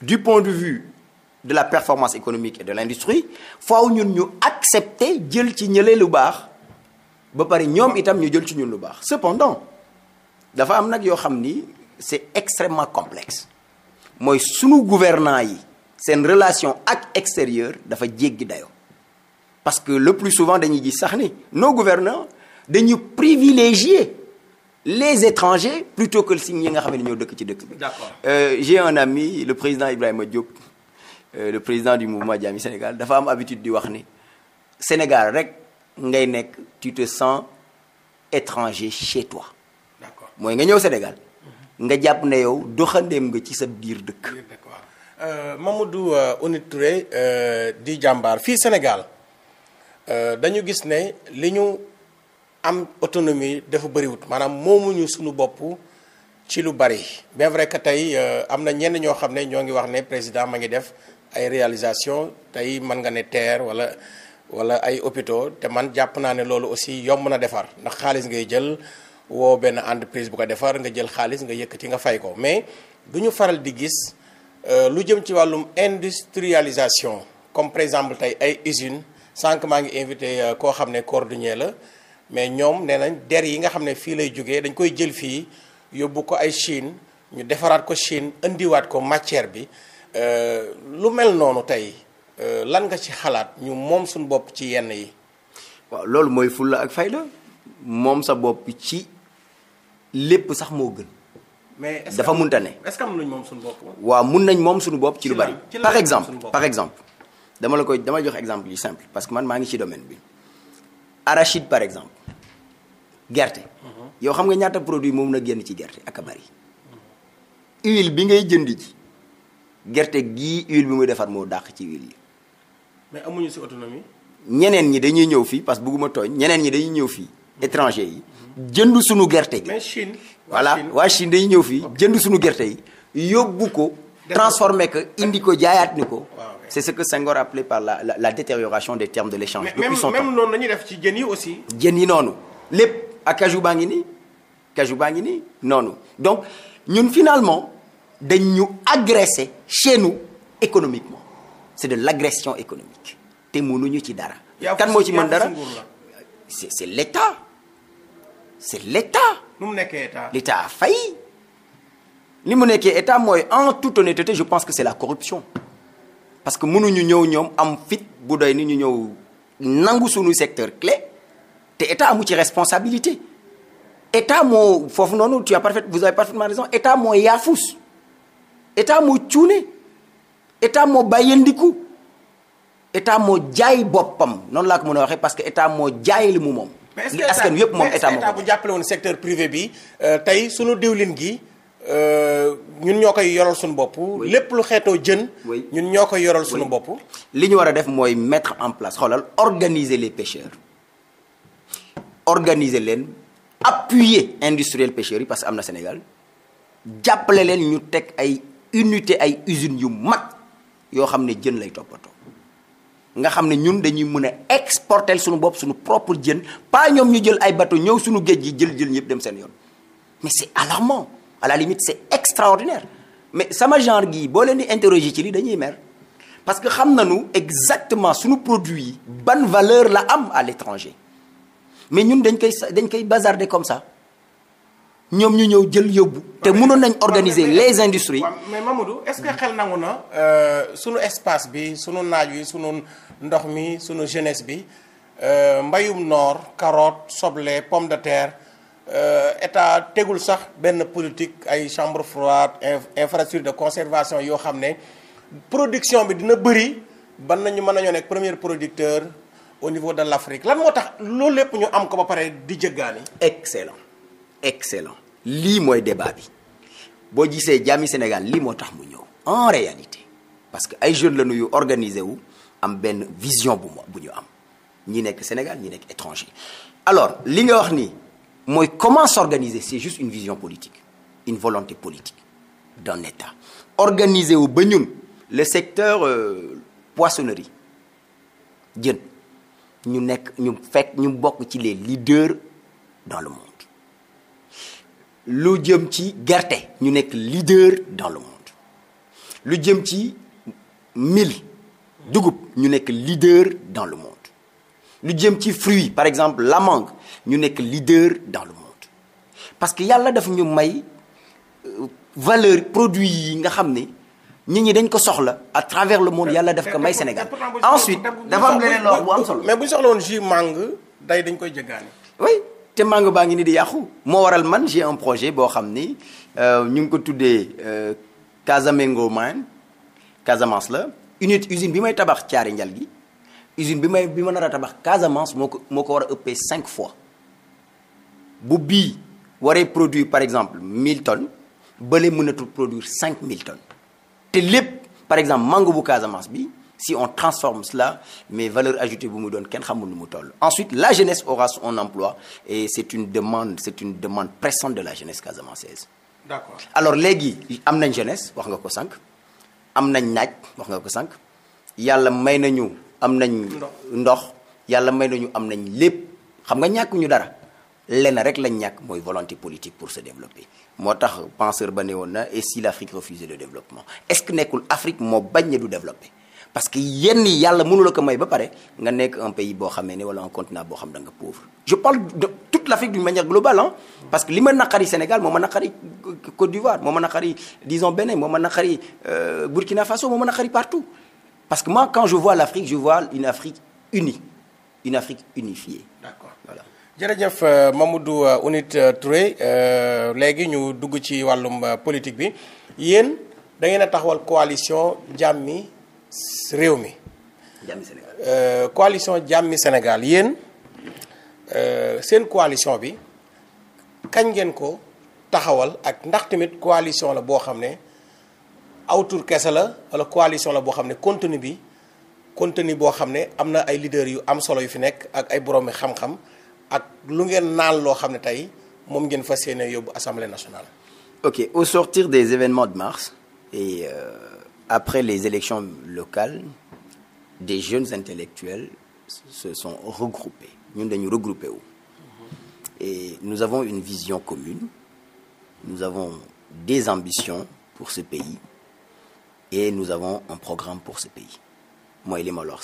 du point de vue de la performance économique et de l'industrie faaw ñun ñu accepter jël ci ñële lu baax ba pare ñoom itam ñu jël ci ñun lu baax cependant dafa am nag yoo xam ni c'est extrêmement complexe mooy sunu gouvernants yi seen relation ak extérieur dafa jéggi dayoo parce que le plus souvent dañuy ji sax ni nos gouvernants dañu privilégier les étrangers plutôt que si ñi nga xam ne ñoo dëkk ci dëkk bi. d'accord euh, j'ai un ami le président Ibrahima Diop. Euh, le président du mouvement Jàmmi Sénégal dafa am habitude di wax ni Sénégal rek ngay nekk tu te sens étranger chez toi. mooy nga ñëw Sénégal. nga jàpp ne yow doxandéem nga ci sa biir dëkk. ma euh, Mamadou euh, Ounith Touré di jàmbaar fii Sénégal dañu gis ne li ñu am autonomie dafa bëriwut maanaam moomuñu suñu bopp ci lu bari bien vrai que tey am na ñenn ñoo xam ne ñoo ngi wax ne président ma ngi def ay réalisation tey mën nga ne terre wala wala ay hôpitaux te man jàpp naa ne loolu aussi yomb na defar ndax xaalis ngay jël woo benn entreprise bu ko defar nga jël xaalis nga yëkkati nga fay ko mais du ñu faral di gis euh, lu jëm ci wàllum industrialisation comme par exemple tey ay usines sànq maa ngi invité euh, koo xam ne cordonnier la mais ñoom nee nañ der yi nga xam ne fii lay jógee dañ koy jël fii yóbbu ko ay Chine ñu defaraat ko Chine indiwaat ko matière bi Euh, lu mel noonu tey euh, lan nga ci xalaat ñu moom suñu bopp ci yenn yi. waaw loolu mooy fulla ak fayda moom sa bopp ci lépp sax moo gën. mais dafa munta ne. est-ce que moom suñu waaw mun nañ moom suñu bopp ci lu bari. par exemple par exemple. dama la koy dama jox exemple yu simple parce que man maa ngi ci domaine bi arachide par exemple gerte. Mhm. yow xam nga ñaata produit moom na génn ci gerte ak a bari. huile bi ngay jënd ji. gerte gii huile bi muy defar moo dàq ci huile yi. mais amuñu si autonomie. ñeneen ñi dañuy ñëw fii parce que bëgguma tooñ ñeneen ñi dañuy ñëw fi étranger yi jëndu suñu gerte gi. mais Chine voilà waa Chine dañuy ñëw fii jënd suñu gerte yi yóbbu ko. transformé ko indi ko jaayaat ko. c'est ce que par la la, la de l'échange mais, depuis son temps même noonu def ci jën yi aussi. jën yi noonu lépp ak cajou baa ngi nii cajou baa ngi nii noonu donc ñun finalement. dañ ñu agressé chez nous économiquement c'est de l'agression économique te ñu ci dara. kan moo ci man dara c'est c'est l'État c'est l'État. nu mu nekkee État l'État a failli ni mu nekkee État mooy en toute honnêteté je pense que c'est la corruption parce que mënuñu ñëw ñoom am fit bu doy ni ñu ñëw nangu suñu secteur clé te État amu ci responsabilité État moo foofu noonu tu as parfait vous avez parfaitement raison État moo yaafus. état moo cuune état moo bàyyandiku état moo jaay boppam noonu laa ko mën a waxee parce que état moo jaay li mu moom. li askan yëpp moom état moom bu jàppale woon secteur bi euh, tey sunu diwlin gi euh, ñun ñoo koy yoral suñu bopp. lépp lu xeetoo jën. ñun ñoo koy yoral suñu bopp. li ñu war a def mooy mettre en place xoolal organiser les pêcheurs organiser leen appuyer industriel pêcheurs yi parce que am na Sénégal jàppale leen ñu teg ay. unité ay usines yu mag yoo xam ne jën lay toppatoo nga xam ne ñun dañuy mën a exporter suñu bopp suñu propre jën pas ñoom ñu jël ay bateau ñëw suñu géej gi jël jël ñëpp dem seen yoon mais c'est alarmant à la limite c'est extraordinaire mais sama genre gii boo leen di interroger ci lii dañuy mer parce que xam na nañu exactement suñu produit yi ban valeur la am à l'étranger mais ñun dañ koy dañ koy bazarder comme ça ñoom ñu ñëw jël yóbbu. te mënoon nañ organiser les industries. mais Mamadou est-ce que xel nangu na. Euh, sunu espace bi sunu naaj wi sunu ndox mi sunu jeunesse bi euh, mbayum noor carotte soble pomme de terre euh, état tegul sax benn politique ay chambre froide infrastructure de conservation yoo xam ne production bi dina bëri ban nañu mën nañoo nekk premier producteur au niveau de l'Afrique lan moo tax loolu lépp ñu am ko ba pare di jëggaani excellent excellent lii mooy débat bi boo gisee Jàmmi Sénégal lii moo tax mu ñëw en réalité parce que ay jeunes la nuyu organiser wu am benn vision bu mu bu ñu am ñi nekk Sénégal ñi nekk étranger alors li nga wax ni mooy comment s'organiser c'est juste une vision politique une volonté politique d'un État organiser wu ba ñun le secteur euh, jën ñu nekk ñu fekk ñu bokk ci les leaders dans le monde lu jëm ci gerte ñu nekk leader dans le monde lu jëm ci mille dugub ñu nekk leader dans le monde lu jëm ci fruit par exemple la ñu nekk leader dans le monde parce que yàlla dafa ñu may euh, valeur produit yi nga xam ni nit ñi dañ ko soxla à travers le monde yàlla daf ko may Sénégal ensuite dafa am leneen loo wax bu am solo mais bu ñu soxla woon jus mangue day dañ koy jëggaani te mango baa ngi ni di yàqu moo waral man j'ai un projet boo xam ni euh, ñu ngi ko tuddee euh, Casamengo mine Casamance la unité usine bi may tabax caari njal gi usine bi may bi ma nar a tabax Casamance moo ko moo ko war a ëppee cinq fois bu bii waree produire par exemple mille tonnes bële mënatul produire cinq mille tonnes te lépp par exemple mango bu Casamance bi si on transforme cela mais valeur ajoutée bu muy doon kenn xamul nu mu toll ensuite la jeunesse aura son emploi et c'est une demande c'est une demande pressante de la jeunesse casamançaise d'accord alors léegi am nañ jeunesse wax nga ko sànq am nañ naaj wax nga ko sànq yàlla may nañu am nañ ndox yàlla may nañu am nañ lépp xam nga ñàkk ñu dara lenn rek lañ ñàkk mooy volonté politique pour se développer moo tax penseur ba ne woon na et si l'Afrique refusait le développement est-ce que nekkul Afrique moo bañ parce que yenn yàlla mënu la ko may ba pare nga nekk un pays boo xamee ne wala un continent boo xam da nga pauvre je parle de toute l'Afrique d'une manière globale ah parce que li ma naqari Sénégal moo ma naqari Côte d'Ivoire moo ma naqari disons Bénin moo ma naqari euh, Burkina Faso moo ma naqari partout parce que moi quand je vois l'Afrique je vois une Afrique unie une Afrique unifiée d'accord voilà jërëjëf euh, Mamadou euh, Ounith Touré léegi ñu dugg ci wàllum politique bi yéen da ngeen a taxawal coalition Jàmmi réew mi. jàmmi euh, coalition jàmmi Sénégal yéen euh, seen coalition bi kañ ngeen ko taxawal ak ndax tamit coalition la boo xam ne aw kese la wala coalition la boo xam ne contenu bi contenu boo xam ne am na ay leaders yu am solo yu fi nekk ak ay boroomi xam-xam ak lu ngeen naan loo xam ne tey moom ngeen fa yéene yóbbu assemblée nationale. ok au sortir des événements de mars euh, après les élections locales, des jeunes intellectuels se sont regroupés. Nous nous regroupés. Et nous avons une vision commune. Nous avons des ambitions pour ce pays. Et nous avons un programme pour ce pays. Moi, il est Molor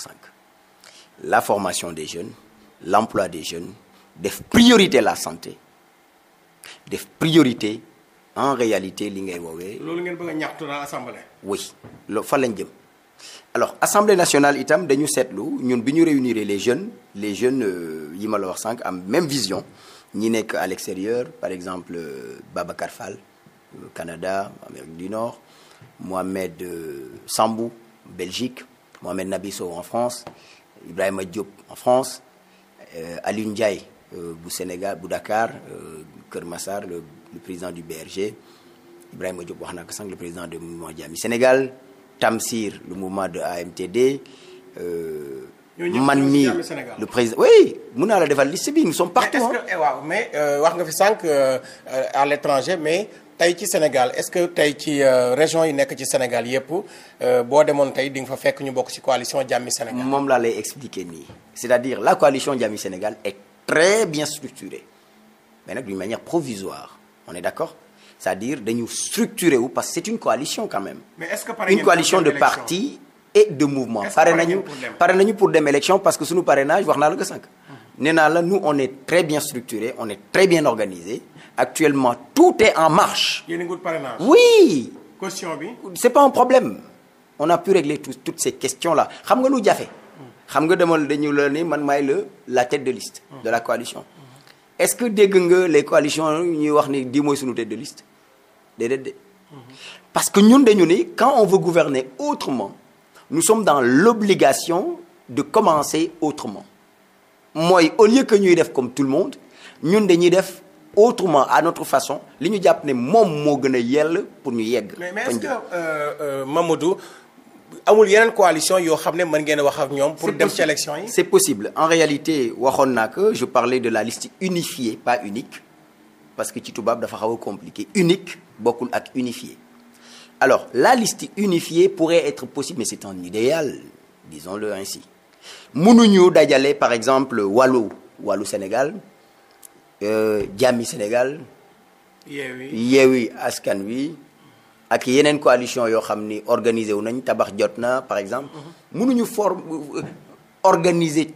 La formation des jeunes, l'emploi des jeunes, des priorités la santé, des priorités en réalité li ngay woowee. loolu ngeen bëgg a ñaxtu na assemblée. oui loo fa lañ jëm alors assemblée nationale itam dañu seetlu ñun bi ñu réunir les jeunes les jeunes euh, yi ma la wax sànq am même vision ñi nekk à l'extérieur par exemple euh, Babacar Fall euh, Canada Amérique du Nord Mohamed Sambou Belgique Mohamed Nabisso en France Ibrahima Diop en France Aliou Ndiaye bu Sénégal bu Dakar Kër Massar le président du BRG Ibrahima Diop wax na ko sànq le président du mouvement Jàmmi Sénégal Tamsir le mouvement de AMTD. Euh, man mi le président oui mun naa la defal liste bi nous sommes partout. Eh waaw mais euh, wax nga fi sànq euh, à l' étranger mais tey ci Sénégal est ce que tey ci région yi nekk ci Sénégal yëpp boo demoon tey di nga fa fekk ñu bokk ci coalition Jàmmi Sénégal. moom laa lay expliquer ni c' est à dire la coalition Jàmmi Sénégal est très bien structurée mais nag on est d'accord cest wu parce que c'est une coalition quand même. mais est-ce que pare une coalition de partis et de mouvements. pare nañu pare nañu pour dem élection parce que suñu parrainage wax naa la ko sànq. nee naa la nous on est très bien structuré on est très bien organisé actuellement tout est en marche. yéen a oui. bi. c'est pas un problème on a pu régler tout toutes ces questions là xam nga lu jafe. xam nga demal dañu la ni man maay la la tête de liste. de la coalition. est-ce que dégg nga les coalitions ñuy wax ni di mooy sunu tête de liste parce que ñun dañu ni quand on veut gouverner autrement nous sommes dans l'obligation de commencer autrement mooy au lieu que ñuy def comme tout le monde ñun dañuy def autrement à notre façon li ñu jàpp ne moom moo gën a yell pour ñu yegg mais mais amul yeneen coalition yoo xam ne mën ngeen wax ak ñoom. pour dem ci élection yi. c'est possible en réalité waxoon naa que je parlais de la liste unifiée pas unique parce que ci tubaab dafa xaw a compliqué unique bokkul ak unifié alors la liste unifiée pourrait être possible mais c'est un idéal disons-le ainsi mënuñu dajale par exemple wàllu wàllu Sénégal euh, jàmmi Sénégal. yeewi yeewi askan wi. ak yeneen coalition yoo xam ni organisé wu nañ tabax jot na par exemple mm-hmm. ñu form organiser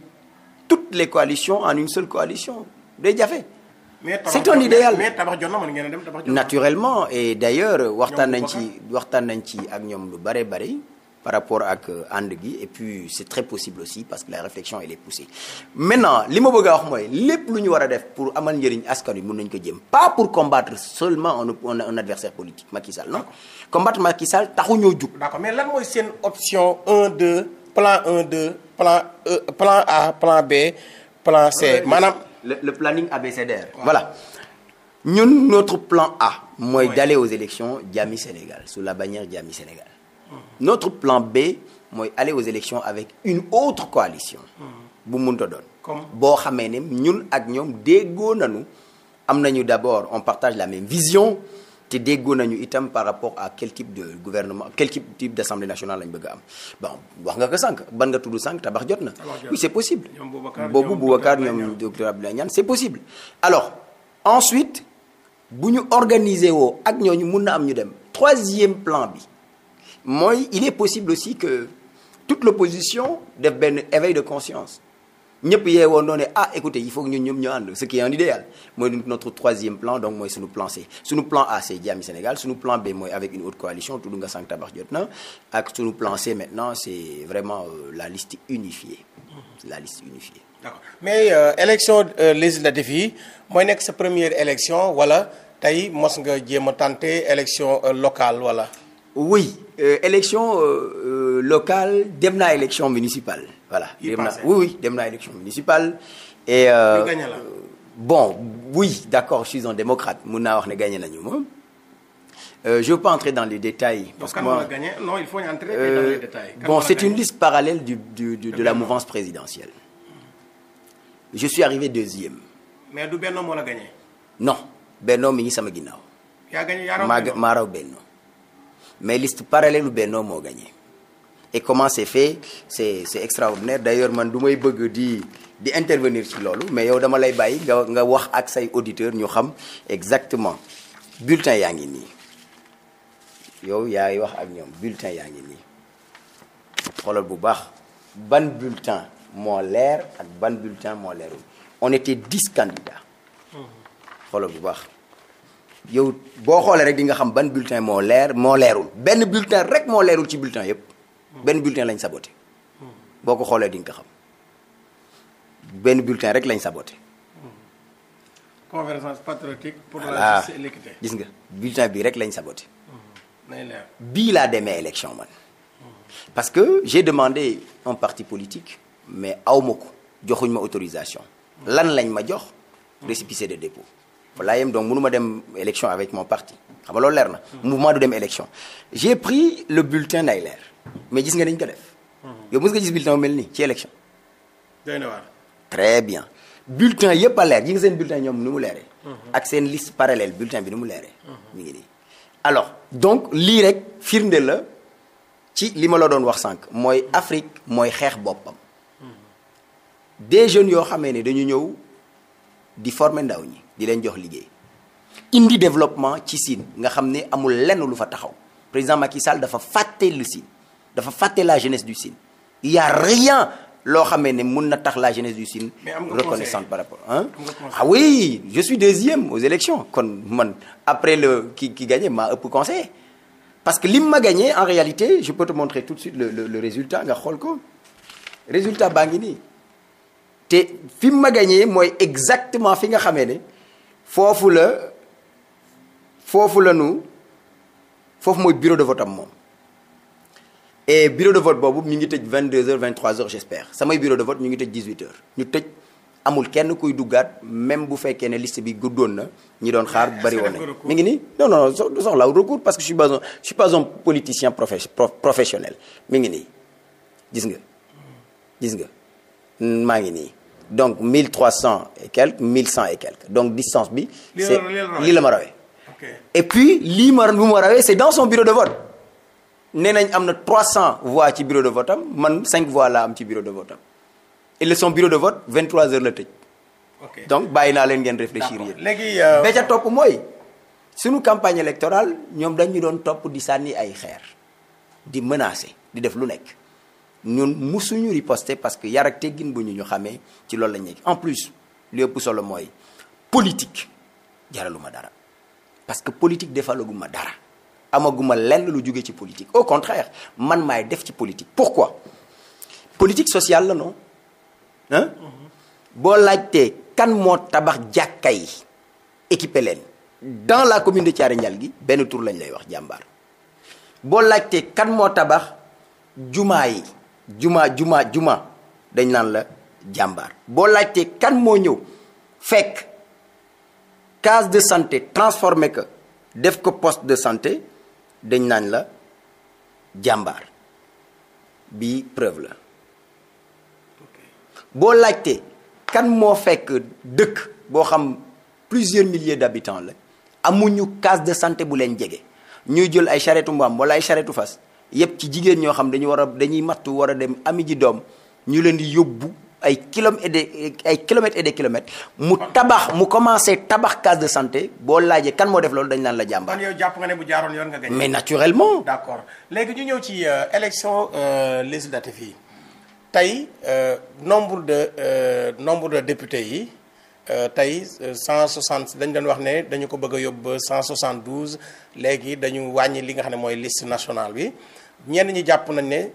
toutes les coalitions en une seule coalition day jafe c'est un idéal mais tabax jot na mën ngeen dem tabax jot naturellement et d'ailleurs waxtaan nañ ci waxtaan nañ ci ak ñoom lu bare bare par rapport ak euh, ànd gi et puis c'est très possible aussi parce que la réflexion elle est poussée maintenant li ma bëgg a wax mooy lépp lu ñu war a def pour amal njëriñ askan wi mën nañu ko jëm pas pour combattre seulement un un adversaire politique Macky Sall non combattre Macky Sall taxu ñoo jug. d'accord mais lan mooy seen option 1 2 plan 1 2 plan euh, plan A plan B plan C. maanaam le, le planning abécédaire. Ouais. voilà ñun notre plan A. mooy ouais. d'aller aux élections Jàmmi Sénégal sous la bannière Jàmmi Sénégal. notre plan B mooy aller aux élections avec une autre coalition. bu munta doon. comme boo xamee ne ñun ak ñoom déggoo nañu am nañu d' abord on partage la même vision te déggoo nañu itam par rapport à quel type de gouvernement quel type d' assemblée nationale lañ bëgg am bon wax nga ko sànq ban nga tudd sànq tabax jot na. oui c' est possible. boobu Boubacar ñoom docteur Abdoulaye Niane c' possible. alors ensuite bu ñu organiser woo ak ñooñu mun na am ñu dem troisième plan bi. mooy il est possible aussi que toute l'opposition def benn éveil de conscience ñëpp yeewoon doone ah écoutez il faut que ñun ñoom ñu ànd ce qui est un idéal mooy notre troisième plan donc mooy suñu plan C suñu plan A c'est Jàmmi Sénégal suñu plan B mooy avec une haute coalition tudd nga sànq tabax jot na ak suñu plan C maintenant c'est vraiment euh, la liste unifiée la liste unifiée d'accord mais euh, élection euh, législative yi mooy nekk sa première élection wala tey mos nga jéem a tenté élection euh, locale wala oui Euh, élection euh, euh, locale dem naa élection municipale voilà. dem naa oui oui dem naa élection municipale. et bon oui d'accord je suis un démocrate mun wax ne gagné nañu moom. je veux pas entrer dans les détails. parce Donc, que moi, non c'est une liste parallèle de, la mouvance présidentielle. je suis arrivé deuxième. mais du Benno moo la gagné. non Benno mi ngi sama ginnaaw. yaa gagné mais liste parallèle u Benno moo gagné et comment c'est fait c'est c'est extraordinaire d'ailleurs man du may bëgg di di intervenir ci loolu mais yow dama lay bàyyi nga nga wax ak say auditeurs ñu xam exactement bulletin yaa ngi nii yow yaay wax ak ñoom bulletin yaa ngi nii xoolal bu baax ban bulletin moo leer ak ban bulletin moo leerul on était dix candidats mmh. bu baax yow boo xoolee rek di nga xam ban bulletin moo leer moo leerul benn bulletin rek moo leerul ci bulletin yëpp benn bulletin lañ saboté boo ko xoolee di nga xam benn bulletin rek lañ saboté. conférence patriotique pour gis nga bulletin bii rek lañ saboté. Mm-hmm. nay bii laa demee élection man. Mm-hmm. parce que j'ai demandé un parti politique mais aw ma ko joxuñ ma autorisation. Mm-hmm. lan lañ ma jox récépissé de dépôt. fa laa yem donc mënu ma dem élection avec mon parti xam nga loolu leer na. mouvement du dem élection. j'ai pris le bulletin nay leer mais gis nga dañ ko def. Mhm. yow mos nga gis bulletin bu mel nii ci élection. doy na waar. très bien bulletin yëpp a leer yi nga seen bulletin ñoom ni mu leeree. Mhm. ak seen list parallèle bulletin bi ni mu leeree. Mhm. mi ngi nii alors donc lii rek firnde la ci li ma la doon wax sànq mooy Afrique mooy xeex boppam. des jeunes yoo xamee ne dañu ñëw di former ñi. di leen jox liggéey indi développement ci Sine nga xam ne amul lenn lu fa taxaw président Macky Sall dafa fàtte lu Sine dafa fàtte la jeunesse du Sine il y a rien loo xamee ne mun na tax la jeunesse du Sine reconnaissante par rapport ah ah oui je suis deuxième aux élections kon man après le ki ki gagné maa ëpp parce que li ma gagné en réalité je peux te montrer tout de suite le résultat nga xool ko résultat baa ngi ni te fi mu ma gagné mooy exactement fi nga xamee ne foofu la foofu la nu foofu mooy bureau de vote am moom et bureau de vote boobu ñu ngi tëj 22h 23h j'espère samay bureau de vote ñu ngi tëj 18 ñu tëj amul kenn kuy duggaat même bu fekkee ne liste bi guddoon na ñi doon xaar bari woon mi ngi nii non non soxla recours parce que je suis pas un je suis pas un politicien professionnel mi ngi nii gis nga gis nga maa ngi nii donc 1300 et quelques 1100 et quelques donc distance bi. c'est lii la ma rawee. et puis lii ma bu ma rawee c'est dans son bureau de vote nee nañ am na trois 300 voix ci bureau de vote am man cinq voix laa am ci bureau de vote am le son bureau de vote 23 heures la tëj. donc bàyyi naa leen ngeen réfléchir yéen. léegi euh, ba a topp mooy suñu campagne électorale ñoom dañu doon topp di sànni ay xeer di menacer di def lu nekk. ñun musuñu riposter parce que yar ak teggin bu ñu ñu xamee ci loolu la ñu en plus li ëpp solo mooy politique jaraluma dara parce que politique defalaguma dara amaguma lenn lu jóge ci politique au contraire man maay def ci politique pourquoi politique sociale la non boo laajtee kan moo tabax jàkka yi équipé leen dans la commune de Thiaré gi benn tur lañ lay wax jàmbaar boo laajtee kan moo tabax jumaa yi jumaa jumaa juma dañ naan la jàmbaar boo laajtee kan moo ñëw fekk case de santé transformé ko def ko poste de santé dañ naan la jàmbaar bi preuve la boo laajtee kan moo fekk dëkk boo xam plusieurs milliers d'habitants la amuñu case de santé bu leen jege ñuy jël ay charrette mbaam wala ay charrette fas yëpp ci jigéen ñoo xam dañu war a dañuy mattu war a dem ami ji doom ñu leen di yóbbu ay kilomètres et des ay kilomètres et kilomètres mu tabax mu commencé tabax case de santé boo laajee kan moo def loolu dañ naan la jàmbaar. kon jàpp nga ne bu jaaroon yoon nga gañ. mais naturellement. d'accord léegi ñu ñëw ci euh, élection euh, législative yi tey euh, nombre de nombre de députés yi tey 160 dañ doon wax ne dañu ko bëgg a yóbbu ba 172 léegi dañu wàññi li nga xam ne mooy liste national bi. ñenn ñi jàpp nañ ne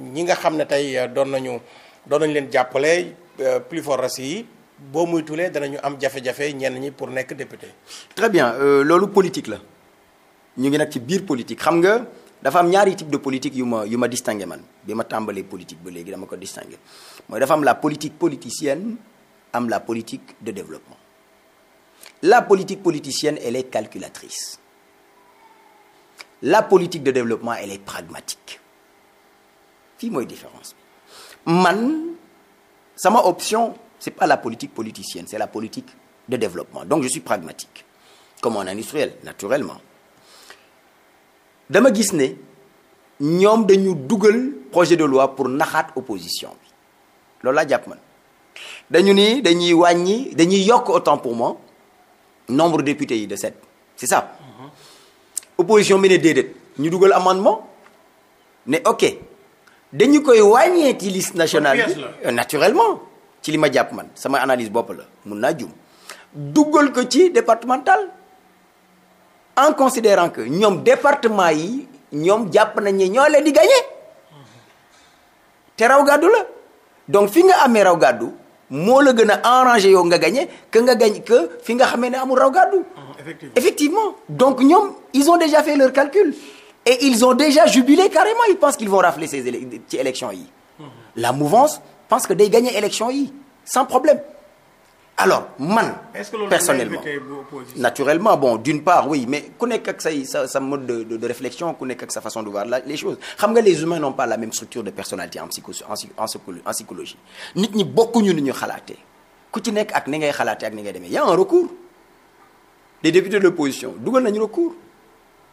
ñi nga xam ne tey euh, doon nañu doon nañ leen jàppale euh, plus fort rasi yi boo muy tulee danañu am jafe-jafe ñenn ñi pour nekk député. très bien euh, loolu politique la ñu ngi nag ci biir politique xam nga dafa am ñaari type de politique yu ma yu ma distingué man bi ma tàmbalee politique ba léegi dama ko distingué mooy dafa am la politique politicienne am la politique de développement la politique politicienne elle est calculatrice. la politique de développement elle est pragmatique fii mooy différence man sama option c'est pas la politique politicienne c'est la politique de développement donc je suis pragmatique comme un industriel naturellement dama gis ne ñoom dañu dugal projet de loi pour naxaat opposition bi loolu laa jàpp man dañu ni dañuy wàññi dañuy yokk autant pour moi nombre de députés yi de sept c'est ça opposition bi ne déedéet ñu dugal amendement ne ok dañu koy wàññee ci liste nationale bi naturellement ci li ma jàpp man sama analyse bopp la mun naa jum dugal ko ci départemental en considérant que ñoom département yi ñoom jàpp nañ ne ñoole leen di gagné te raw gàddu la donc fi nga amee raw gàddu moo la gën a arrangé yow nga gagné que nga gañ que fi nga xamee ne amul raw gàddu. Ah, effectivement donc ñoom ils ont déjà fait leur calcul. et ils ont déjà jubilé carrément ils pensent qu'ils vont rafler ces élec ci élections yi. Mmh. la mouvance pense que day gagné élections yi sans problème. alors man. personnellement naturellement bon d'une part oui mais ku nekk ak say sa sa mode de réflexion ku nekk ak sa façon de voir la les choses xam nga les humains n'ont pas la même structure de personnalité en psychologie nit ñi bokkuñu nu ñu xalaatee ku ci nekk ak ni ngay xalaatee ak ni deme demee y a un recours les députés de l'opposition dugal nañu recours.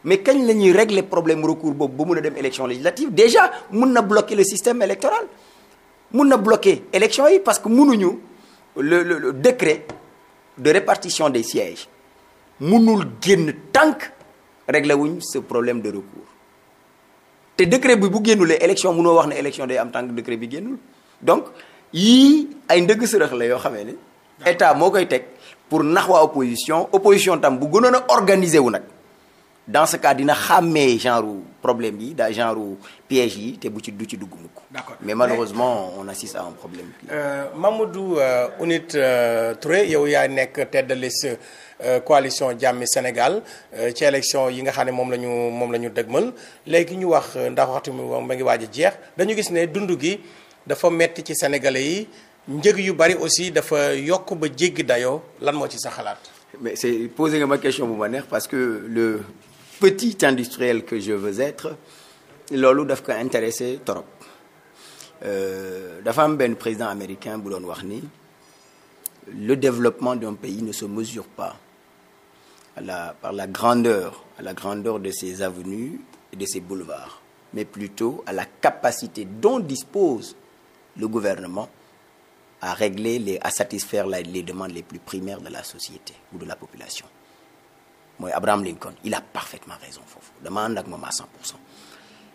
mais kañ la ñuy le problème recours boobu ba mu a dem élection législative déjà mun na bloquer le système électoral mun na bloquer élection yi parce que munuñu le, le, le décret de répartition des sièges mënul génn tànk réglé wuñ ce problème de recours te décret bi bu génnulee élection mënoo wax ne élection day am tànk décret bi génnul donc yii ay ndëgg sërëx yoo xamee ne état moo koy teg pour nax waa opposition opposition tam bu gënoon a organiser wu nag dans ce cas dina xàmmee genre problème yi daa genre piège yi te bu ci du ci dugg mukk d'accord mais malheureusement on assiste à un problème. Euh, Mamadou euh, Ounith euh, Touré yow yaa nekk tête de liste euh, coalition Jàmmi Sénégal euh, ci élection yi nga xam ne moom la ñu moom la ñu dëgmal léegi ñu wax ndax waxtu mi ma ngi waaj a jeex dañu gis ne dund gi dafa metti ci sénégalais yi njëg yu bari aussi dafa yokk ba jéggi dayoo lan moo ci sa xalaat. mais c'est posé nga ma question bu ma neex parce que petit industriel que je veux être loolu daf ko intéressé trop euh, dafa am benn président américain bu doon wax ni le développement d'un pays ne se mesure pas à la par la grandeur à la grandeur de ses avenues et de ses boulevards mais plutôt à la capacité dont dispose le gouvernement à régler les à satisfaire les demandes les plus primaires de la société ou de la population mooy Abraham Lincoln il a parfaitement raison foofu dama ànd ak moom à 100 pour cent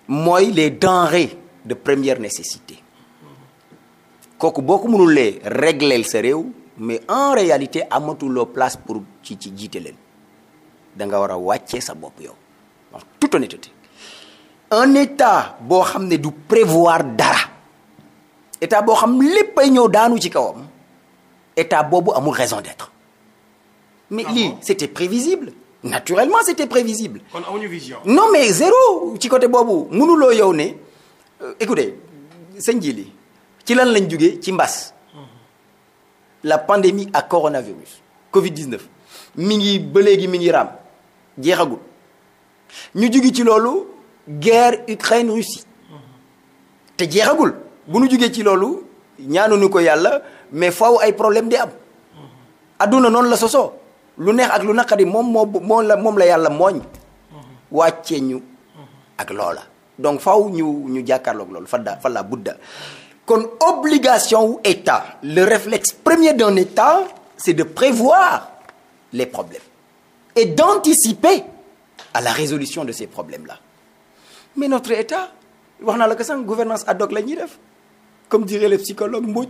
mooy les denrées de première nécessité kooku boo ko mënulee régleel sa réew mais en réalité amatuloo place pour ci ci jiite leen da nga war a wàccee sa bopp yow en toute honnêteté un état boo xam ne du prévoir dara état boo xam lépp ay ñëw daanu ci kawam état boobu amul raison d'être mais ah lii c'était prévisible naturellement c'était prévisible. kon amuñu vision. non mais zéro ci côté boobu mënuloo yow ne euh, écoutez sëñ Jili ci lan lañ jugee ci mbas. Mhm. la pandémie à coronavirus Covid 19 mi ngi ba léegi mi ngi raam jeexagul ñu jugi ci loolu guerre Ukraine Russie mhm. te jeexagul bu ñu jugee ci loolu ñaanuñu ko yàlla mais faaw ay problème di am. Mhm. adduna noonu la sosoo. lu neex ak lu naqari moom moo moo la moom la yàlla mooñ wàccee ñu ak loola donc faw ñu ñu jàkkaarloog loolu fadda falla budda kon obligation wu état le réflexe premier d'un état c'est de prévoir les problèmes et d'anticiper à la résolution de ces problèmes là mais notre état wax naa la ko sànq gouvernance ad la ñuy def comme dirait le psychologue Mbodj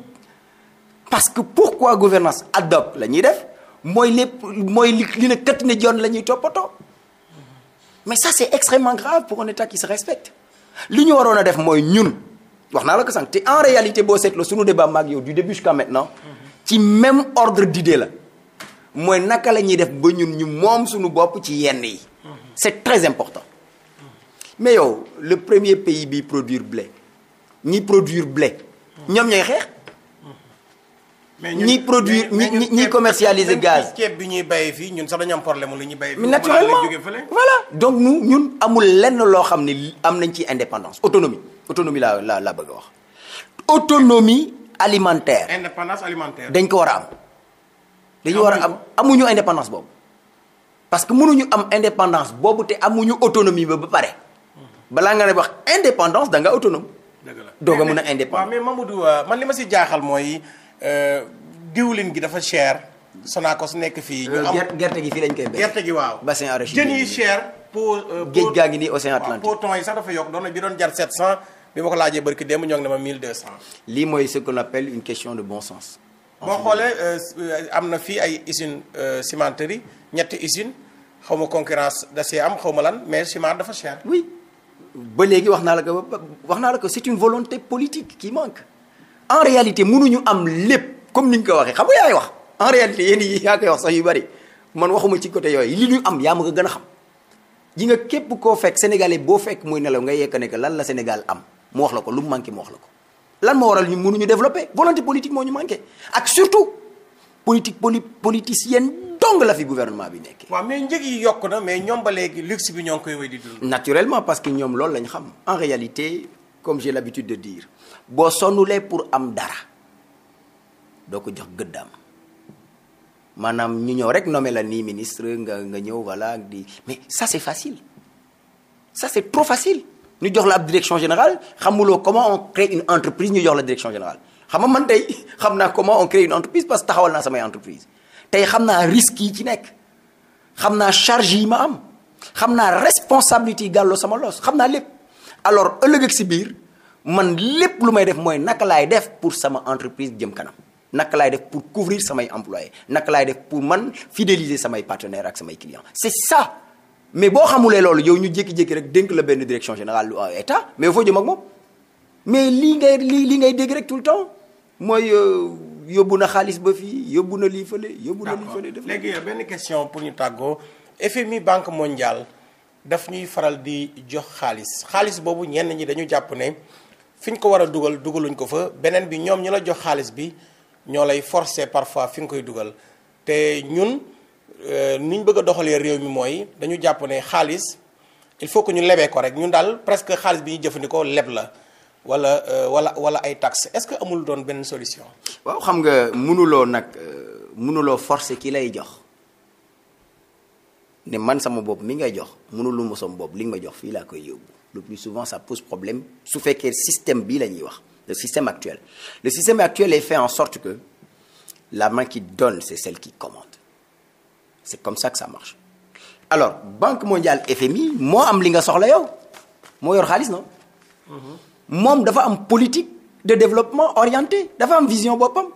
parce que pourquoi gouvernance ad hoc la ñuy def mooy lépp mooy li li ne kët ne yoon la ñuy toppatoo mais ça c'est extrêmement grave pour un état qui se respecte li ñu waroon a def mooy ñun wax naa la ko sànq te en réalité boo seetloo suñu débat maag yow du début jusqu'à maintenant ci même ordre d'idée la mooy naka la ñuy def ba ñun ñu moom suñu bopp ci yenn yi c'est très important mais yow le premier pays bi produire blé ñi produire blé ñoom ñooy xeex ñi produire ñi ñi commercialiser gaz. ceeb bi ñuy bay fii ñun sax dañu am problème lu ñuy bay. naturellement voilà donc ñun amul lenn loo xam ne am nañ ci indépendance autonomie autonomie laa la la bëgg a wax autonomie alimentaire. indépendance alimentaire. dañ ko war a am. dañu war a am amuñu indépendance boobu parce que mënuñu am indépendance boobu te amuñu autonomie ba ba pare balaa nga ne wax indépendance da nga autonome. dëgg doo nga mën a indépendant. waaw mais Mamadou euh, man li ma si jaaxal mooy. diwlin gi dafa ko su nekk fii. ñu am euh, gerte gi fii lañ koy béy. gerte gi waaw bassin arachide jën yi cher. Euh, pour géej gaa ngi nii océan Atlantique waaw poton yi sax dafa yokk doon na bi doon jar 700 bi ma ko laajee barki démb ñoo ngi ne lii mooy ce qu'on appelle une question de bon sens. boo xoolee euh, am na fii ay usine cimenterie ñetti usine xaw ma concurrence da see am xaw ma lan mais ciment dafa cher. oui ba léegi wax naa la ko wax naa la ko c'est une volonté politique qui manque. en réalité mënuñu am lépp comme ni ñu ko waxee xam nga yaay wax en réalité yéen yi yaa koy wax sax yu bari man waxuma ci côté yooyu li ñu am yaa ma ko gën a xam ji nga képp koo fekk sénégalais boo fekk muy nelaw nga yekk ne que lan la Sénégal am mu wax la ko lu mu manqué mu wax la ko lan moo waral ñu mënuñu développer volonté politique moo ñu manqué ak surtout politique poli politicienne dong la fi gouvernement bi nekkee. waaw mais njëg yi yokk na mais ñoom ba léegi luxe bi parce que ñoom loolu lañ xam en réalité comme j'ai de dire boo sonnulee pour am dara doo ko jox gëddaam maanaam ñu ñëw rek nommé la nii ministre nga nga ñëw voilà di mais ça c'est facile ça c'est trop facile ñu jox la ab direction générale xamuloo comment on crée une entreprise ñu jox la direction générale xam nga man tey xam naa comment on crée une entreprise parce que taxawal naa samay entreprise tey xam naa risques yi ci nekk xam naa charge yi ma am xam naa responsabilité yi gàlloo sama loos xam naa lépp alors ëllëg si biir man lépp lu may def mooy naka laay def pour sama entreprise jëm kanam naka laay def pour couvrir samay employés naka laay def pour man fidéliser samay partenaires ak samay clients c'est ça mais boo xamulee loolu yow ñu jékki-jékki rek dénk la benn direction générale lu état mais foo jëm ak moom mais lii ngay lii li ngay dégg rek tout le temps mooy euh, yóbbu na xaalis ba fii yóbbu na lii fële yóbbu na lii fële def léegi yow benn question pour ñu tàggoo FMI Banque mondiale daf ñuy faral di jox xaalis xaalis boobu ñenn ñi dañu jàpp ne fi ñu ko war a dugal dugaluñ ko fa beneen bi ñoom ñu la jox xaalis bi ñoo lay forcer parfois fi nga koy dugal te ñun euh, ni ñu bëgg a doxalee réew mi mooy dañu jàpp ne xaalis il faut que ñu lebee ko rek ñun daal presque xaalis bi ñu jëfandikoo leb la wala euh, wala wala ay taxes est-ce que amul doon benn solution. waaw xam nga mënuloo nag euh, mënuloo forcer ki lay jox ne man sama bopp mi ngay jox mënuluma sama bopp li nga ma jox fii laa koy yóbbu. le plus souvent ça pose problème su fekkee système bii la ñuy wax le système actuel le système actuel est fait en sorte que la main qui donne c'est celle qui commande c'est comme ça que ça marche alors Banque mondiale FMI moo am li nga soxla yow moo yor xaalis non mhm. moom dafa am politique de développement orienté dafa am vision boppam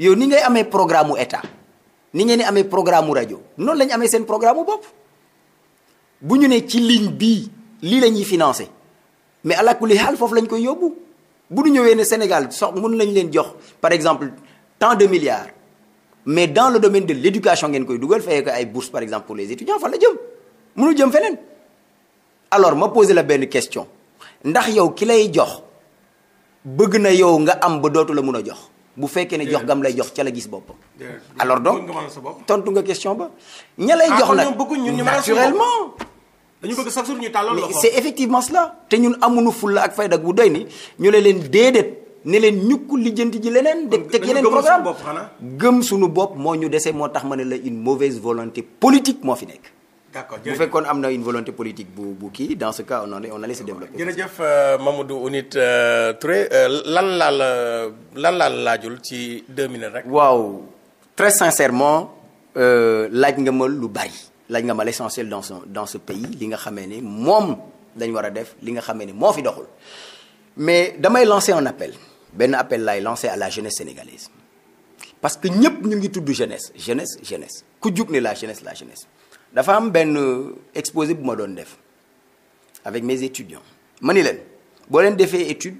yow ni ngay amee programme u état ni ngeen di amee programme u rajo noonu lañ amee seen programme bopp bu ñu ne ci ligne lii la ñuy financé mais ala kulli xaal foofu lañ koy yóbbu bu ñu ñëwee ne Sénégal sox mën nañ leen jox par exemple tant de milliards mais dans le domaine de léducation éducation ngeen koy dugal fayee ko ay bourses par exemple pour les étudiants fan la jëm mënu jëm feneen alors ma posé la benn question ndax yow ki lay jox bëgg na yow nga am ba dootu la mun a jox bu fekkee ne jox gam lay jox ca la gis boppam alors donc tontu nga question ba ña lay jox ah, nag naturellement dañu bëgg chaque jour ñu tàllal loxo c'est effectivement cela te ñun amuñu fulla ak fayda bu doy nii ñu ne leen déedéet ni leen ñukk lijjanti ji leneen. de teg yeneen programme gëm suñu bopp moo ñu desee moo tax ma ne la une mauvaise volonté politique moo fi nekk. d'accord bu fekkoon am na une volonté politique bu bu kii dans ce cas on allait on allait se développer. jërëjëf euh, Mamadou Ounith euh, Touré euh, lan laa la lan laa laajul ci deux minutes rek. waaw très sincèrement laaj nga ma lu bari. lañ nga ma l'essentiel dans ce dans ce pays li nga xamee ni moom dañ war a def li nga xamee ni moo fi doxul mais damay lancer un appel benn appel lay lancer à la jeunesse sénégalaise parce que ñëpp ñu ngi tudd jeunesse jeunesse jeunesse ku jug ne la jeunesse la jeunesse dafa am benn euh, exposé bu ma doon def avec mes étudiants ma ni leen boo leen defee étude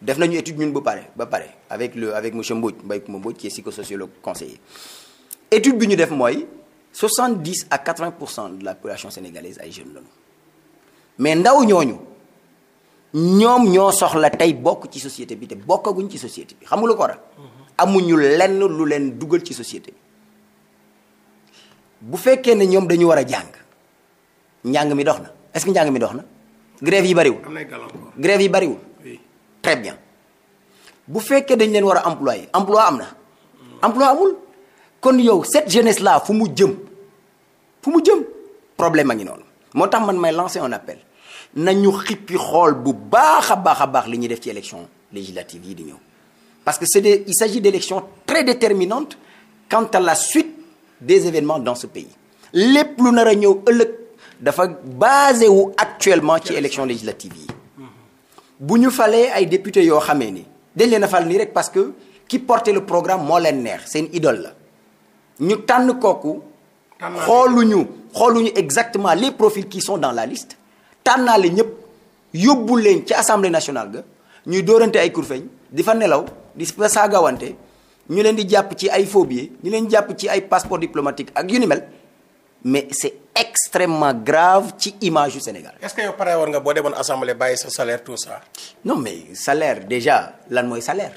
def nañu étude ñun ba pare ba pare avec le avec monsieur Mbodj Mbaye Kouma Mbodj qui est psychosociologue conseiller étude bi ñu def mooy soixante-dix à quatre-vingts pour cent de la population sénégalaise ay jeunes lañu mais ndaw ñooñu ñoom ñoo soxla tey bokk ci société bi te bokkaguñ ci société bi xam ko war a amuñu lenn lu leen dugal ci société bi bu fekkee ne ñoom dañu war a jàng njàng mi dox na est mi dox na grève yi bariwul grève yi bariwul très bien bu fekkee dañ leen war a employé emploi am na emploi amul kon yow cette jeunesse la fu mu jëm fu mu jëm problème a ngi noonu moo tax man may lancer un appel ñu xippi xool bu baax a baax a baax li ñuy def ci élection législative yi di ñëw parce que c'est des il s'agit d'élections très déterminantes quant à la suite des événements dans ce pays lépp lu nar a ñëw ëllëg dafa basé wu actuellement ci élection législative yi bu ñu falee ay député yoo xamee ni dañ leen a fal nii rek parce que qui porte le programme moo leen neex seen idole la ñu tànn kooku. xoolu ñu exactement les profils qui sont dans la liste tànnaale ñëpp yóbbu leen ci assemblée nationale ga ñuy dóorante ay kurfeñ di fa nelaw di fa saagawante ñu leen di jàpp ci ay faux billets ñu leen jàpp ci ay passeport diplomatique ak yu ni mel mais c'est extrêmement grave ci image yu Sénégal. est-ce que yow pare woon nga boo demoon assemblée bàyyi sa salaire tout ça. non mais salaire déjà lan mooy salaire.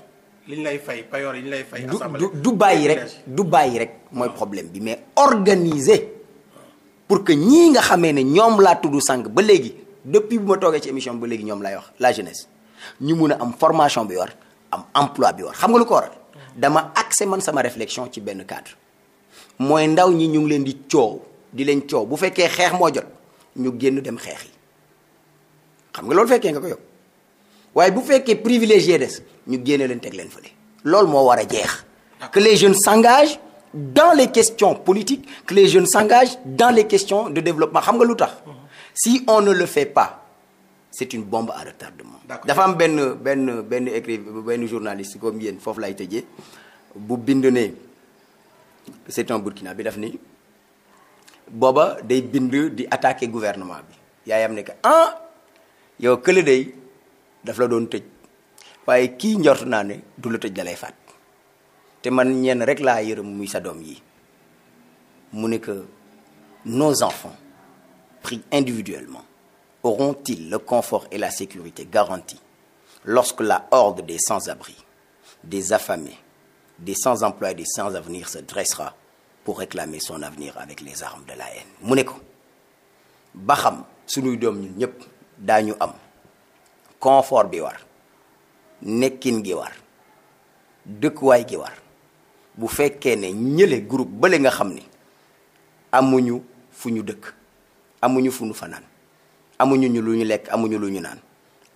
li ñu lay fay payoor yi ñu lay fay. assemblée du du bàyyi rek du bàyyi rek mooy problème bi mais organiser pour que ñii nga xamee ne ñoom laa tudd sànq ba léegi depuis bu ma toogee ci émission ba léegi ñoom lay wax la jeunesse ñu mun a am formation bi war am emploi bi war xam nga lu ko waral. dama axé man sama réflexion ci benn cadre mooy ndaw ñi ñu ngi leen di coow di leen coow bu fekkee xeex moo jot ñu génn dem xeex yi xam nga loolu fekkee nga ko yow. waaye bu fekkee privilégié des ñu génne leen teg leen fële loolu moo war a jeex que les jeunes s'engagent dans les questions politiques que les jeunes s'engagent dans les questions de développement xam nga lu tax mhm. si on ne le fait pas c'est une bombe à retardement dafa am benn benn benn écrivain benn journaliste comme yéen foofu lay tëjee bu bind ne c'est un Burkina bi daf nii booba day bind di attaquer gouvernement bi yaayam ne que ah yow kële day daf la doon tëj waaye kii njort naa ne du la tëj da lay faat te man ñenn rek laa yërëm muy sa doom yi mu ne que nos enfants pris individuellement auront-ils le confort et la sécurité garantis lorsque la horde des sans-abri des affamés des sans-emploi et des sans-avenir se dressera pour réclamer son avenir avec les armes de la haine mu ne ko ba xam suñuy doom ñun ñëpp daañu am confort bi war nekkin gi war dëkkuwaay gi war bu fekkee ne ñële groupe bale nga xam ni amuñu fu ñu dëkk amuñu fu ñu fanaan amuñu lu ñu lekk amuñu lu ñu naan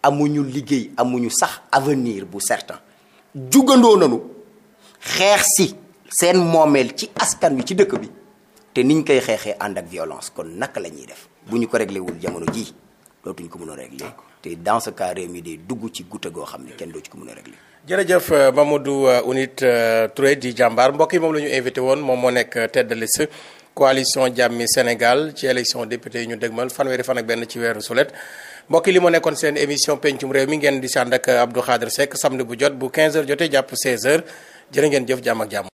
amuñu liggéey amuñu sax avenir bu certain jugandoo nanu xeex si seen moomeel ci askan wi ci dëkk bi te niñ koy xeexee ànd ak violence kon naka la ñuy def bu ñu ko réglé jamono jii dootuñ ko mën a réglé te dans ce cas réew mi day dugg ci guute goo xam ne kenn doo ci ko mën a régler. jërëjëf euh, Mamadou Ounith euh, euh, Touré di jàmbaar mbokki moom la ñu invité woon moom moo nekk tête de liste coalition Jàmmi Sénégal ci élection député ñu dégmal fanweeri fan ak benn ci weeru sulet mbokk yi li mu nekkoon seen émission pencum réew mi ngeen di sànd ak Abdou Khadre Seck samedi bu jot bu 15h jotee jàpp 16h jërë ngeen jëf jàmm ak jàmm.